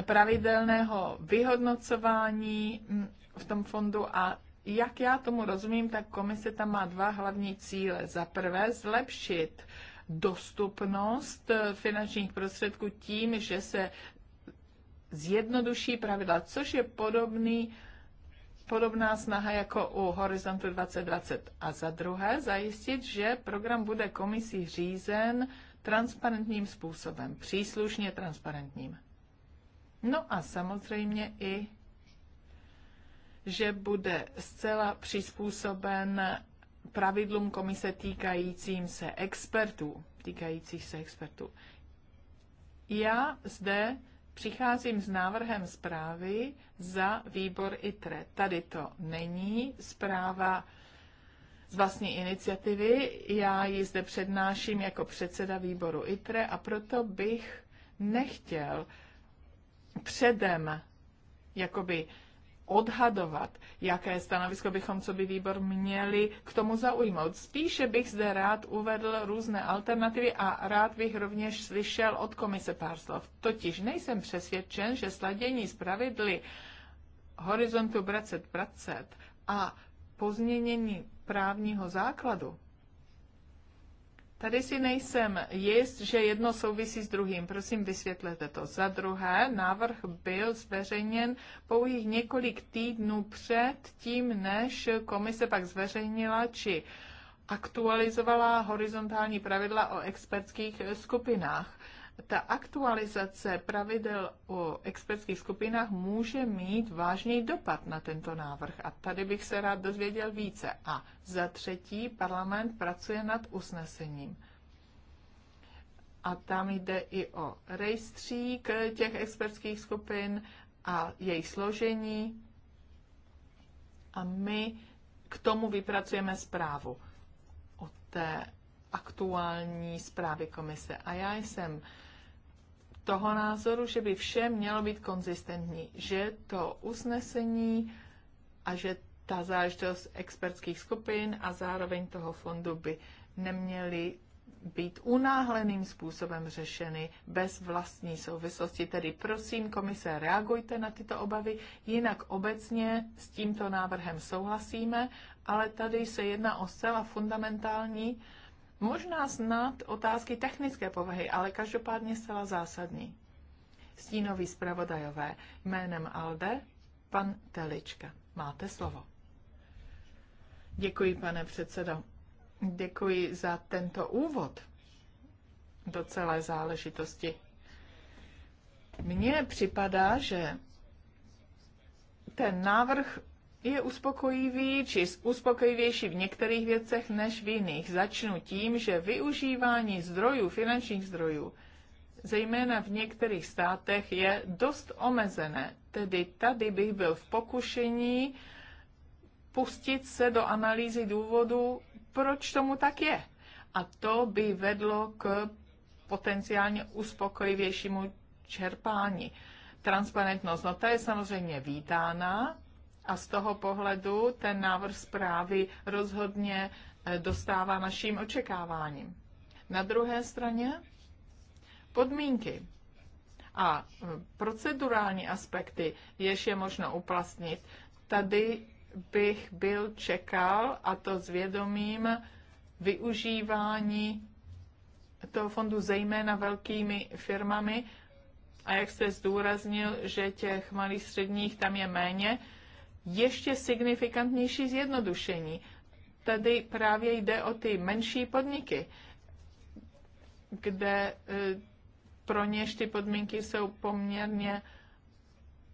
pravidelného vyhodnocování mm, v tom fondu a jak já tomu rozumím, tak komise tam má dva hlavní cíle. Za prvé zlepšit dostupnost eh, finančních prostředků tím, že se zjednoduší pravidla, což je podobný, podobná snaha jako u Horizontu 2020. A za druhé zajistit, že program bude komisí řízen transparentním způsobem, příslušně transparentním. No a samozřejmě i, že bude zcela přizpůsoben pravidlům komise týkajícím se expertů, týkajících se expertů. Já zde přicházím s návrhem zprávy za výbor ITRE. Tady to není zpráva z vlastní iniciativy. Já ji zde přednáším jako předseda výboru ITRE a proto bych nechtěl předem jakoby odhadovat, jaké stanovisko bychom co by výbor měli k tomu zaujmout. Spíše bych zde rád uvedl různé alternativy a rád bych rovněž slyšel od komise pár slov. Totiž nejsem přesvědčen, že sladění z pravidly horizontu bracet a pozměnění právního základu Tady si nejsem jist, že jedno souvisí s druhým. Prosím, vysvětlete to. Za druhé, návrh byl zveřejněn pouhých několik týdnů před tím, než komise pak zveřejnila či aktualizovala horizontální pravidla o expertských skupinách ta aktualizace pravidel o expertských skupinách může mít vážný dopad na tento návrh a tady bych se rád dozvěděl více. A za třetí, parlament pracuje nad usnesením. A tam jde i o rejstřík těch expertských skupin a jejich složení. A my k tomu vypracujeme zprávu o té aktuální zprávy komise. A já jsem uh, toho názoru, že by vše mělo být konzistentní, že to usnesení a že ta záležitost expertských skupin a zároveň toho fondu by neměly být unáhleným způsobem řešeny bez vlastní souvislosti. Tedy prosím, komise, reagujte na tyto obavy, jinak obecně s tímto návrhem souhlasíme, ale tady se jedná o zcela fundamentální Možná snad otázky technické povahy, ale každopádně zcela zásadní. Stínový zpravodajové jménem Alde, pan Telička. Máte slovo. Děkuji, pane předsedo. Děkuji za tento úvod do celé záležitosti. Mně připadá, že ten návrh je uspokojivý či uspokojivější v některých věcech než v jiných. Začnu tím, že využívání zdrojů, finančních zdrojů, zejména v některých státech, je dost omezené. Tedy tady bych byl v pokušení pustit se do analýzy důvodu, proč tomu tak je. A to by vedlo k potenciálně uspokojivějšímu čerpání. Transparentnost, no ta je samozřejmě vítána, a z toho pohledu ten návrh zprávy rozhodně eh, dostává naším očekáváním. Na druhé straně podmínky a eh, procedurální aspekty, jež je možno uplatnit, tady bych byl čekal, a to s vědomím využívání toho fondu zejména velkými firmami. A jak jste zdůraznil, že těch malých středních tam je méně, ještě signifikantnější zjednodušení. Tady právě jde o ty menší podniky, kde eh, pro něž ty podmínky jsou poměrně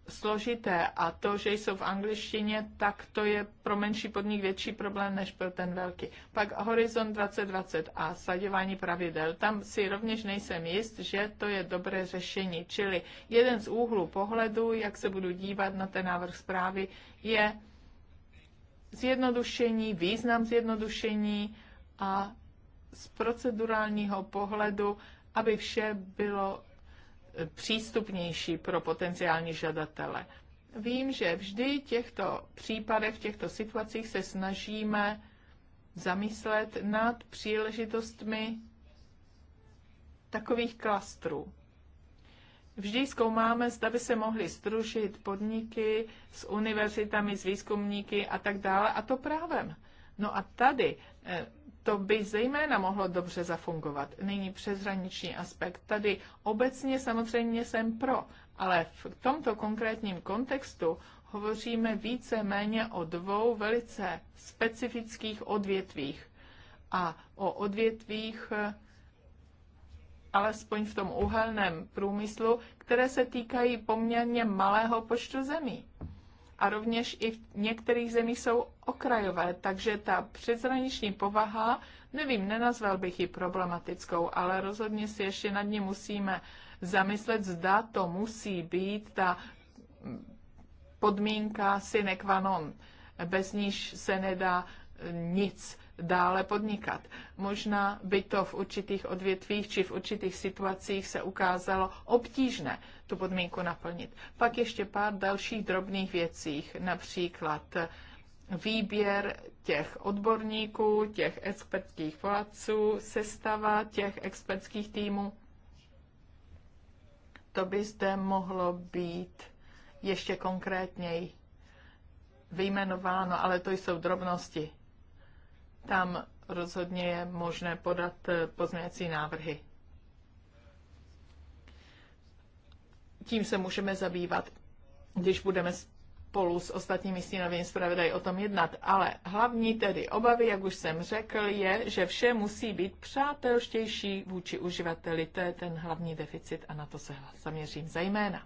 složité a to, že jsou v angličtině, tak to je pro menší podnik větší problém než pro ten velký. Pak Horizon 2020 a sladěvání pravidel. Tam si rovněž nejsem jist, že to je dobré řešení. Čili jeden z úhlů pohledu, jak se budu dívat na ten návrh zprávy, je zjednodušení, význam zjednodušení a z procedurálního pohledu, aby vše bylo přístupnější pro potenciální žadatele. Vím, že vždy v těchto případech, v těchto situacích se snažíme zamyslet nad příležitostmi takových klastrů. Vždy zkoumáme, zda by se mohly združit podniky s univerzitami, s výzkumníky a tak dále, a to právem. No a tady eh, to by zejména mohlo dobře zafungovat. Nyní přeshraniční aspekt. Tady obecně samozřejmě jsem pro, ale v tomto konkrétním kontextu hovoříme více méně o dvou velice specifických odvětvích a o odvětvích eh, alespoň v tom uhelném průmyslu, které se týkají poměrně malého počtu zemí a rovněž i v některých zemích jsou okrajové, takže ta přeshraniční povaha, nevím, nenazval bych ji problematickou, ale rozhodně si ještě nad ní musíme zamyslet, zda to musí být ta podmínka sine qua non, bez níž se nedá eh, nic dále podnikat. Možná by to v určitých odvětvích či v určitých situacích se ukázalo obtížné tu podmínku naplnit. Pak ještě pár dalších drobných věcích, například výběr těch odborníků, těch expertských poradců, sestava těch expertských týmů. To by zde mohlo být ještě konkrétněji vyjmenováno, ale to jsou drobnosti tam rozhodně je možné podat eh, pozměňovací návrhy. Tím se můžeme zabývat, když budeme spolu s ostatními stínovými zpravodaji o tom jednat. Ale hlavní tedy obavy, jak už jsem řekl, je, že vše musí být přátelštější vůči uživateli. To je ten hlavní deficit a na to se zaměřím zejména.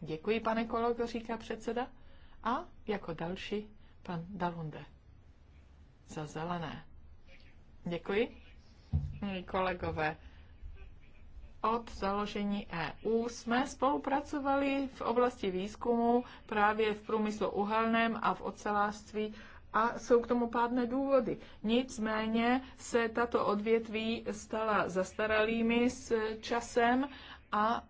Děkuji, pane kolego, říká předseda. A jako další pan Dalunde za zelené. Děkuji. Milí kolegové, od založení EU jsme spolupracovali v oblasti výzkumu právě v průmyslu uhelném a v ocelářství a jsou k tomu pádné důvody. Nicméně se tato odvětví stala zastaralými s časem a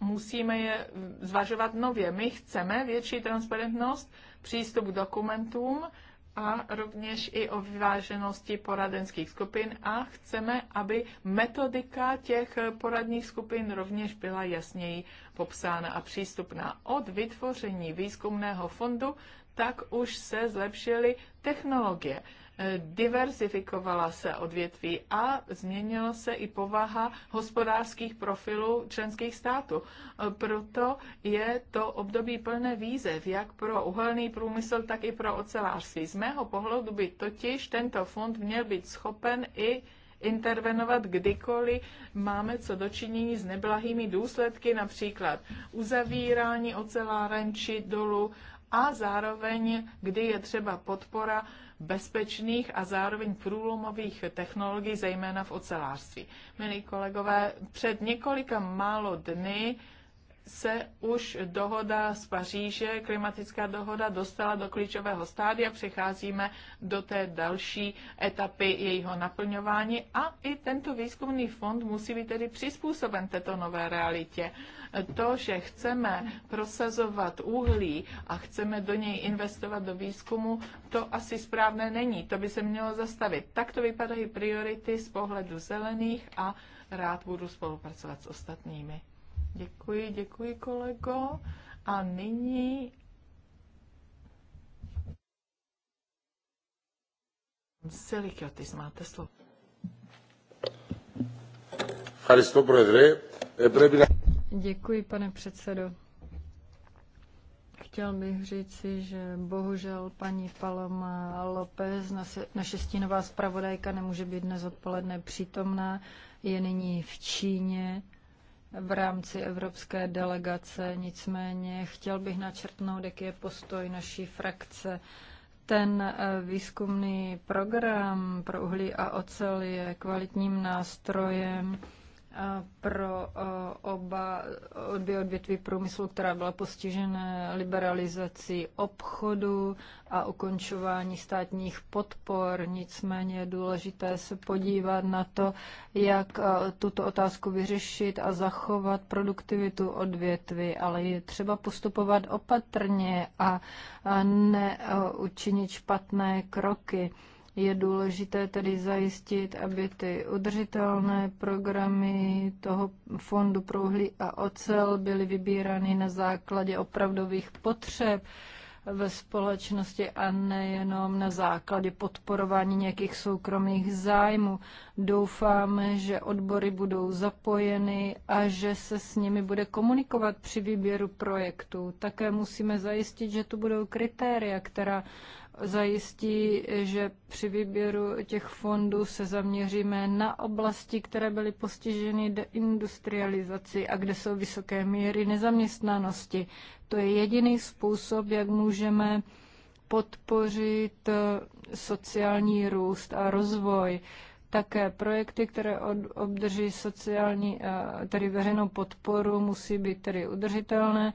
musíme je zvažovat nově. My chceme větší transparentnost, přístup k dokumentům, a rovněž i o vyváženosti poradenských skupin a chceme, aby metodika těch poradních skupin rovněž byla jasněji popsána a přístupná. Od vytvoření výzkumného fondu tak už se zlepšily technologie diversifikovala se odvětví a změnila se i povaha hospodářských profilů členských států. Proto je to období plné výzev, jak pro uhelný průmysl, tak i pro ocelářství. Z mého pohledu by totiž tento fond měl být schopen i intervenovat kdykoliv máme co dočinění s neblahými důsledky, například uzavírání oceláren či dolu a zároveň, kdy je třeba podpora bezpečných a zároveň průlomových technologií, zejména v ocelářství. Milí kolegové, před několika málo dny se už dohoda z Paříže, klimatická dohoda, dostala do klíčového stádia. Přecházíme do té další etapy jejího naplňování a i tento výzkumný fond musí být tedy přizpůsoben této nové realitě. To, že chceme prosazovat uhlí a chceme do něj investovat do výzkumu, to asi správné není. To by se mělo zastavit. Tak to vypadají priority z pohledu zelených a rád budu spolupracovat s ostatními. Děkuji, děkuji kolego. A nyní Silikiotis, máte slovo. Děkuji, pane předsedo. Chtěl bych říci, že bohužel paní Paloma López, naše stínová zpravodajka, nemůže být dnes odpoledne přítomná. Je nyní v Číně v rámci evropské delegace. Nicméně chtěl bych načrtnout, jaký je postoj naší frakce. Ten eh, výzkumný program pro uhlí a ocel je kvalitním nástrojem pro oba dvě odvětví průmyslu, která byla postižena liberalizací obchodu a ukončování státních podpor. Nicméně je důležité se podívat na to, jak tuto otázku vyřešit a zachovat produktivitu odvětví, ale je třeba postupovat opatrně a neučinit špatné kroky. Je důležité tedy zajistit, aby ty udržitelné programy toho fondu pro uhlí a ocel byly vybírány na základě opravdových potřeb ve společnosti a nejenom na základě podporování nějakých soukromých zájmů. Doufáme, že odbory budou zapojeny a že se s nimi bude komunikovat při výběru projektů. Také musíme zajistit, že tu budou kritéria, která zajistí, že při výběru těch fondů se zaměříme na oblasti, které byly postiženy deindustrializací a kde jsou vysoké míry nezaměstnanosti. To je jediný způsob, jak můžeme podpořit eh, sociální růst a rozvoj. Také projekty, které obdrží sociální, eh, tedy veřejnou podporu, musí být tedy udržitelné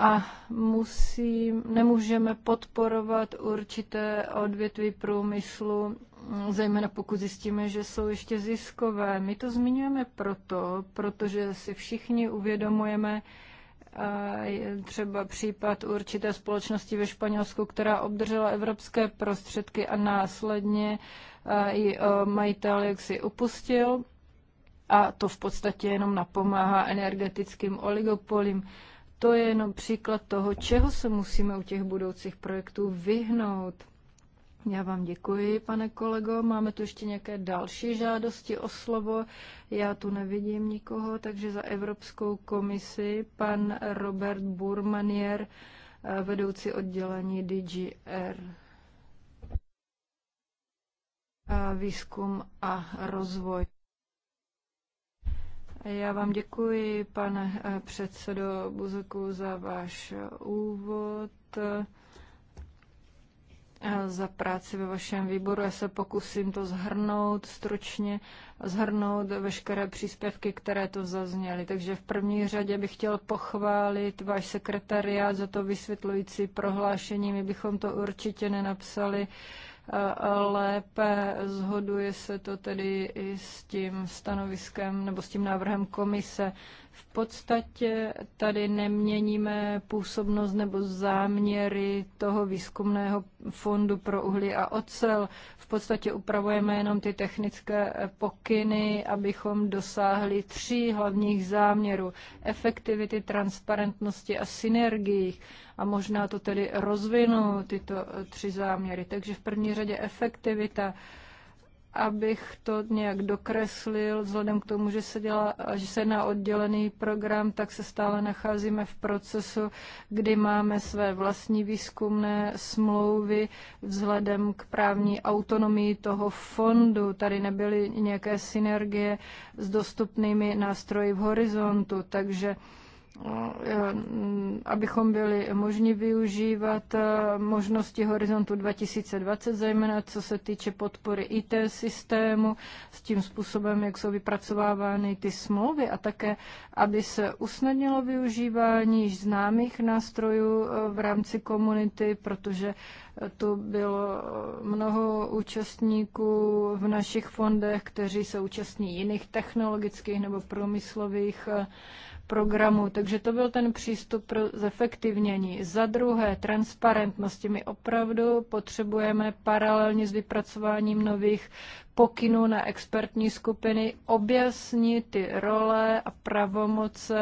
a musí, nemůžeme podporovat určité odvětví průmyslu, zejména pokud zjistíme, že jsou ještě ziskové. My to zmiňujeme proto, protože si všichni uvědomujeme, eh, třeba případ určité společnosti ve Španělsku, která obdržela evropské prostředky a následně ji eh, eh, majitel jaksi upustil. a to v podstatě jenom napomáhá energetickým oligopolím to je jenom příklad toho, čeho se musíme u těch budoucích projektů vyhnout. Já vám děkuji, pane kolego. Máme tu ještě nějaké další žádosti o slovo. Já tu nevidím nikoho, takže za Evropskou komisi pan Robert Burmanier, eh, vedoucí oddělení DGR. Eh, výzkum a rozvoj. Já vám děkuji, pane eh, předsedo Buzeku, za váš eh, úvod, eh, za práci ve vašem výboru. Já se pokusím to zhrnout stručně, zhrnout veškeré příspěvky, které to zazněly. Takže v první řadě bych chtěl pochválit váš sekretariát za to vysvětlující prohlášení. My bychom to určitě nenapsali lépe. Zhoduje se to tedy i s tím stanoviskem nebo s tím návrhem komise. V podstatě tady neměníme působnost nebo záměry toho výzkumného fondu pro uhlí a ocel. V podstatě upravujeme jenom ty technické pokyny, abychom dosáhli tří hlavních záměrů. Efektivity, transparentnosti a synergii A možná to tedy rozvinu, tyto tři záměry. Takže v první řadě efektivita abych to nějak dokreslil, vzhledem k tomu, že se, dělá, že se na oddělený program, tak se stále nacházíme v procesu, kdy máme své vlastní výzkumné smlouvy vzhledem k právní autonomii toho fondu. Tady nebyly nějaké synergie s dostupnými nástroji v horizontu, takže Eh, mm, abychom byli možni využívat eh, možnosti Horizontu 2020, zejména co se týče podpory IT systému, s tím způsobem, jak jsou vypracovávány ty smlouvy a také, aby se usnadnilo využívání již známých nástrojů eh, v rámci komunity, protože tu bylo mnoho účastníků v našich fondech, kteří se účastní jiných technologických nebo průmyslových programu. Takže to byl ten přístup pro zefektivnění. Za druhé, transparentnosti. My opravdu potřebujeme paralelně s vypracováním nových pokynů na expertní skupiny objasnit ty role a pravomoce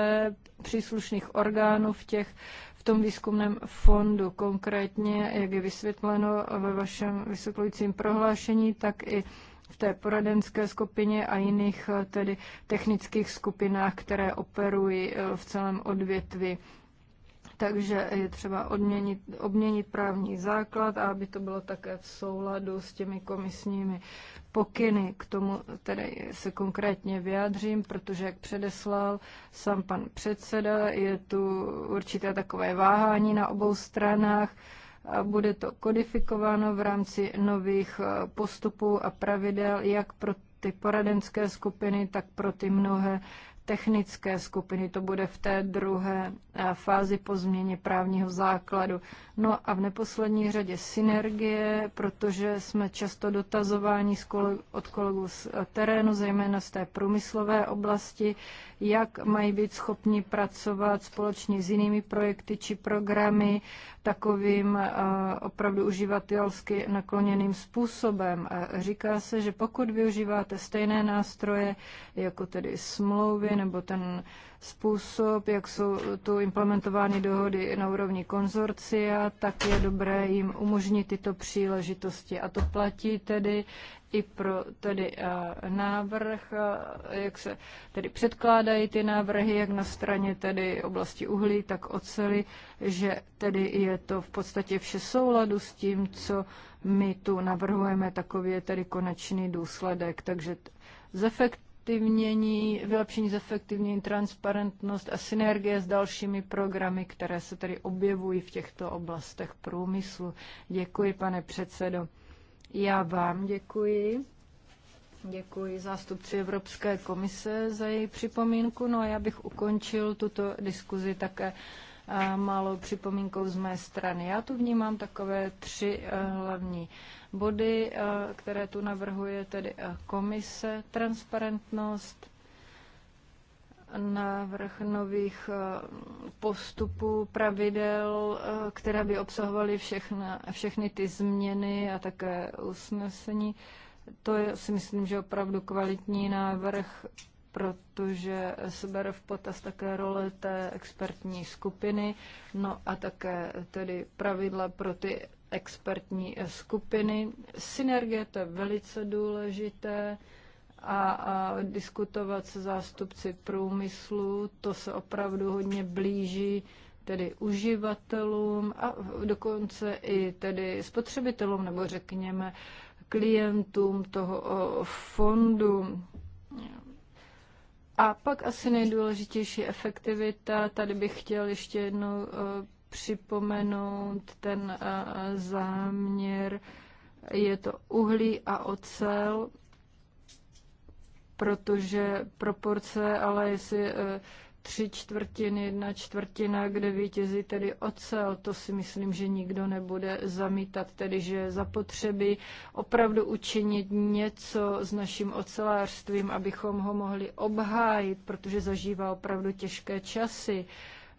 příslušných orgánů v těch v tom výzkumném fondu. Konkrétně, jak je vysvětleno ve vašem vysvětlujícím prohlášení, tak i v té poradenské skupině a jiných eh, tedy technických skupinách, které operují eh, v celém odvětvi. Takže je třeba odměnit, obměnit právní základ a aby to bylo také v souladu s těmi komisními pokyny. K tomu tedy se konkrétně vyjádřím, protože jak předeslal sám pan předseda, je tu určité takové váhání na obou stranách. Bude to kodifikováno v rámci nových e, postupů a pravidel, jak pro ty poradenské skupiny, tak pro ty mnohé technické skupiny. To bude v té druhé e, fázi po změně právního základu. No a v neposlední řadě synergie, protože jsme často dotazováni od kolegů z e, terénu, zejména z té průmyslové oblasti, jak mají být schopni pracovat společně s jinými projekty či programy, takovým eh, opravdu uživatelsky nakloněným způsobem. A říká se, že pokud využíváte stejné nástroje, jako tedy smlouvy nebo ten způsob, jak jsou tu implementovány dohody na úrovni konzorcia, tak je dobré jim umožnit tyto příležitosti. A to platí tedy i pro tedy uh, návrh, uh, jak se tedy předkládají ty návrhy, jak na straně tedy oblasti uhlí, tak ocely, že tedy je to v podstatě vše souladu s tím, co my tu navrhujeme, takový je tedy konečný důsledek. Takže zefektivnění, vylepšení zefektivnění, transparentnost a synergie s dalšími programy, které se tedy objevují v těchto oblastech průmyslu. Děkuji, pane předsedo. Já vám děkuji. Děkuji zástupci Evropské komise za její připomínku. No a já bych ukončil tuto diskuzi také eh, malou připomínkou z mé strany. Já tu vnímám takové tři eh, hlavní body, eh, které tu navrhuje tedy komise, transparentnost, návrh nových eh, postupů, pravidel, eh, které by obsahovaly všechny, všechny ty změny a také usnesení. To je, si myslím, že opravdu kvalitní návrh, protože se bere v potaz také role té expertní skupiny, no a také tedy pravidla pro ty expertní skupiny. Synergie to je velice důležité a, a diskutovat se zástupci průmyslu. To se opravdu hodně blíží tedy uživatelům a dokonce i tedy spotřebitelům nebo řekněme klientům toho fondu. A pak asi nejdůležitější efektivita. Tady bych chtěl ještě jednou připomenout ten záměr. Je to uhlí a ocel protože proporce, ale jestli eh, tři čtvrtiny, jedna čtvrtina, kde vítězí tedy ocel, to si myslím, že nikdo nebude zamítat, tedy že zapotřebí opravdu učinit něco s naším ocelářstvím, abychom ho mohli obhájit, protože zažívá opravdu těžké časy.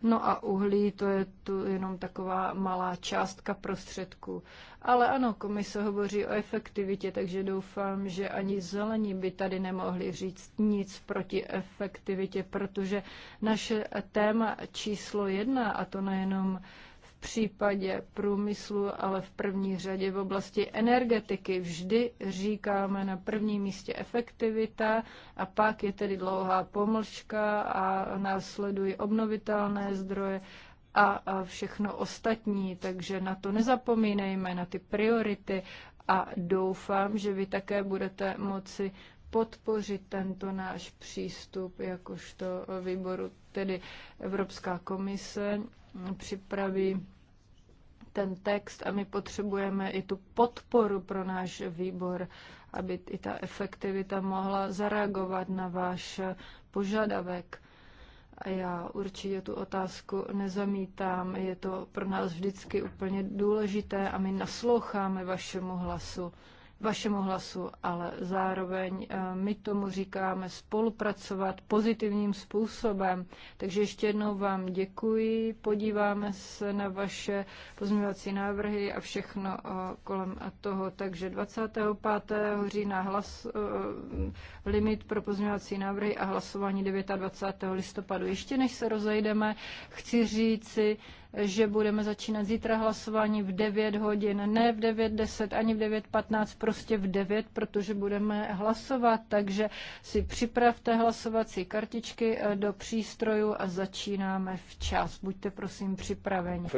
No a uhlí, to je tu jenom taková malá částka prostředků. Ale ano, komise hovoří o efektivitě, takže doufám, že ani zelení by tady nemohli říct nic proti efektivitě, protože naše téma číslo jedna, a to nejenom v případě průmyslu, ale v první řadě v oblasti energetiky vždy říkáme na prvním místě efektivita a pak je tedy dlouhá pomlčka a následují obnovitelné zdroje a, a všechno ostatní, takže na to nezapomínejme, na ty priority a doufám, že vy také budete moci podpořit tento náš přístup jakožto výboru, tedy Evropská komise připraví ten text a my potřebujeme i tu podporu pro náš výbor, aby i ta efektivita mohla zareagovat na váš požadavek. A Já určitě tu otázku nezamítám. Je to pro nás vždycky úplně důležité a my nasloucháme vašemu hlasu vašemu hlasu, ale zároveň eh, my tomu říkáme spolupracovat pozitivním způsobem. Takže ještě jednou vám děkuji, podíváme se na vaše pozměňovací návrhy a všechno eh, kolem toho. Takže 25. října hlas, eh, limit pro pozměňovací návrhy a hlasování 29. listopadu. Ještě než se rozejdeme, chci říci, že budeme začínat zítra hlasování v 9 hodin, ne v 9.10 ani v 9.15, prostě v 9, protože budeme hlasovat, takže si připravte hlasovací kartičky eh, do přístrojů a začínáme včas. Buďte prosím připraveni.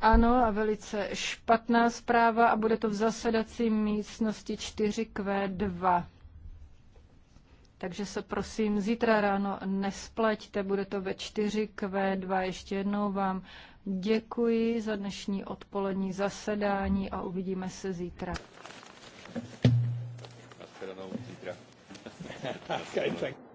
Ano, a velice špatná zpráva a bude to v zasedací místnosti 4Q2. Takže se prosím zítra ráno nespleťte, bude to ve 4Q2. Ještě jednou vám děkuji za dnešní odpolední zasedání a uvidíme se zítra. Okay, thank you.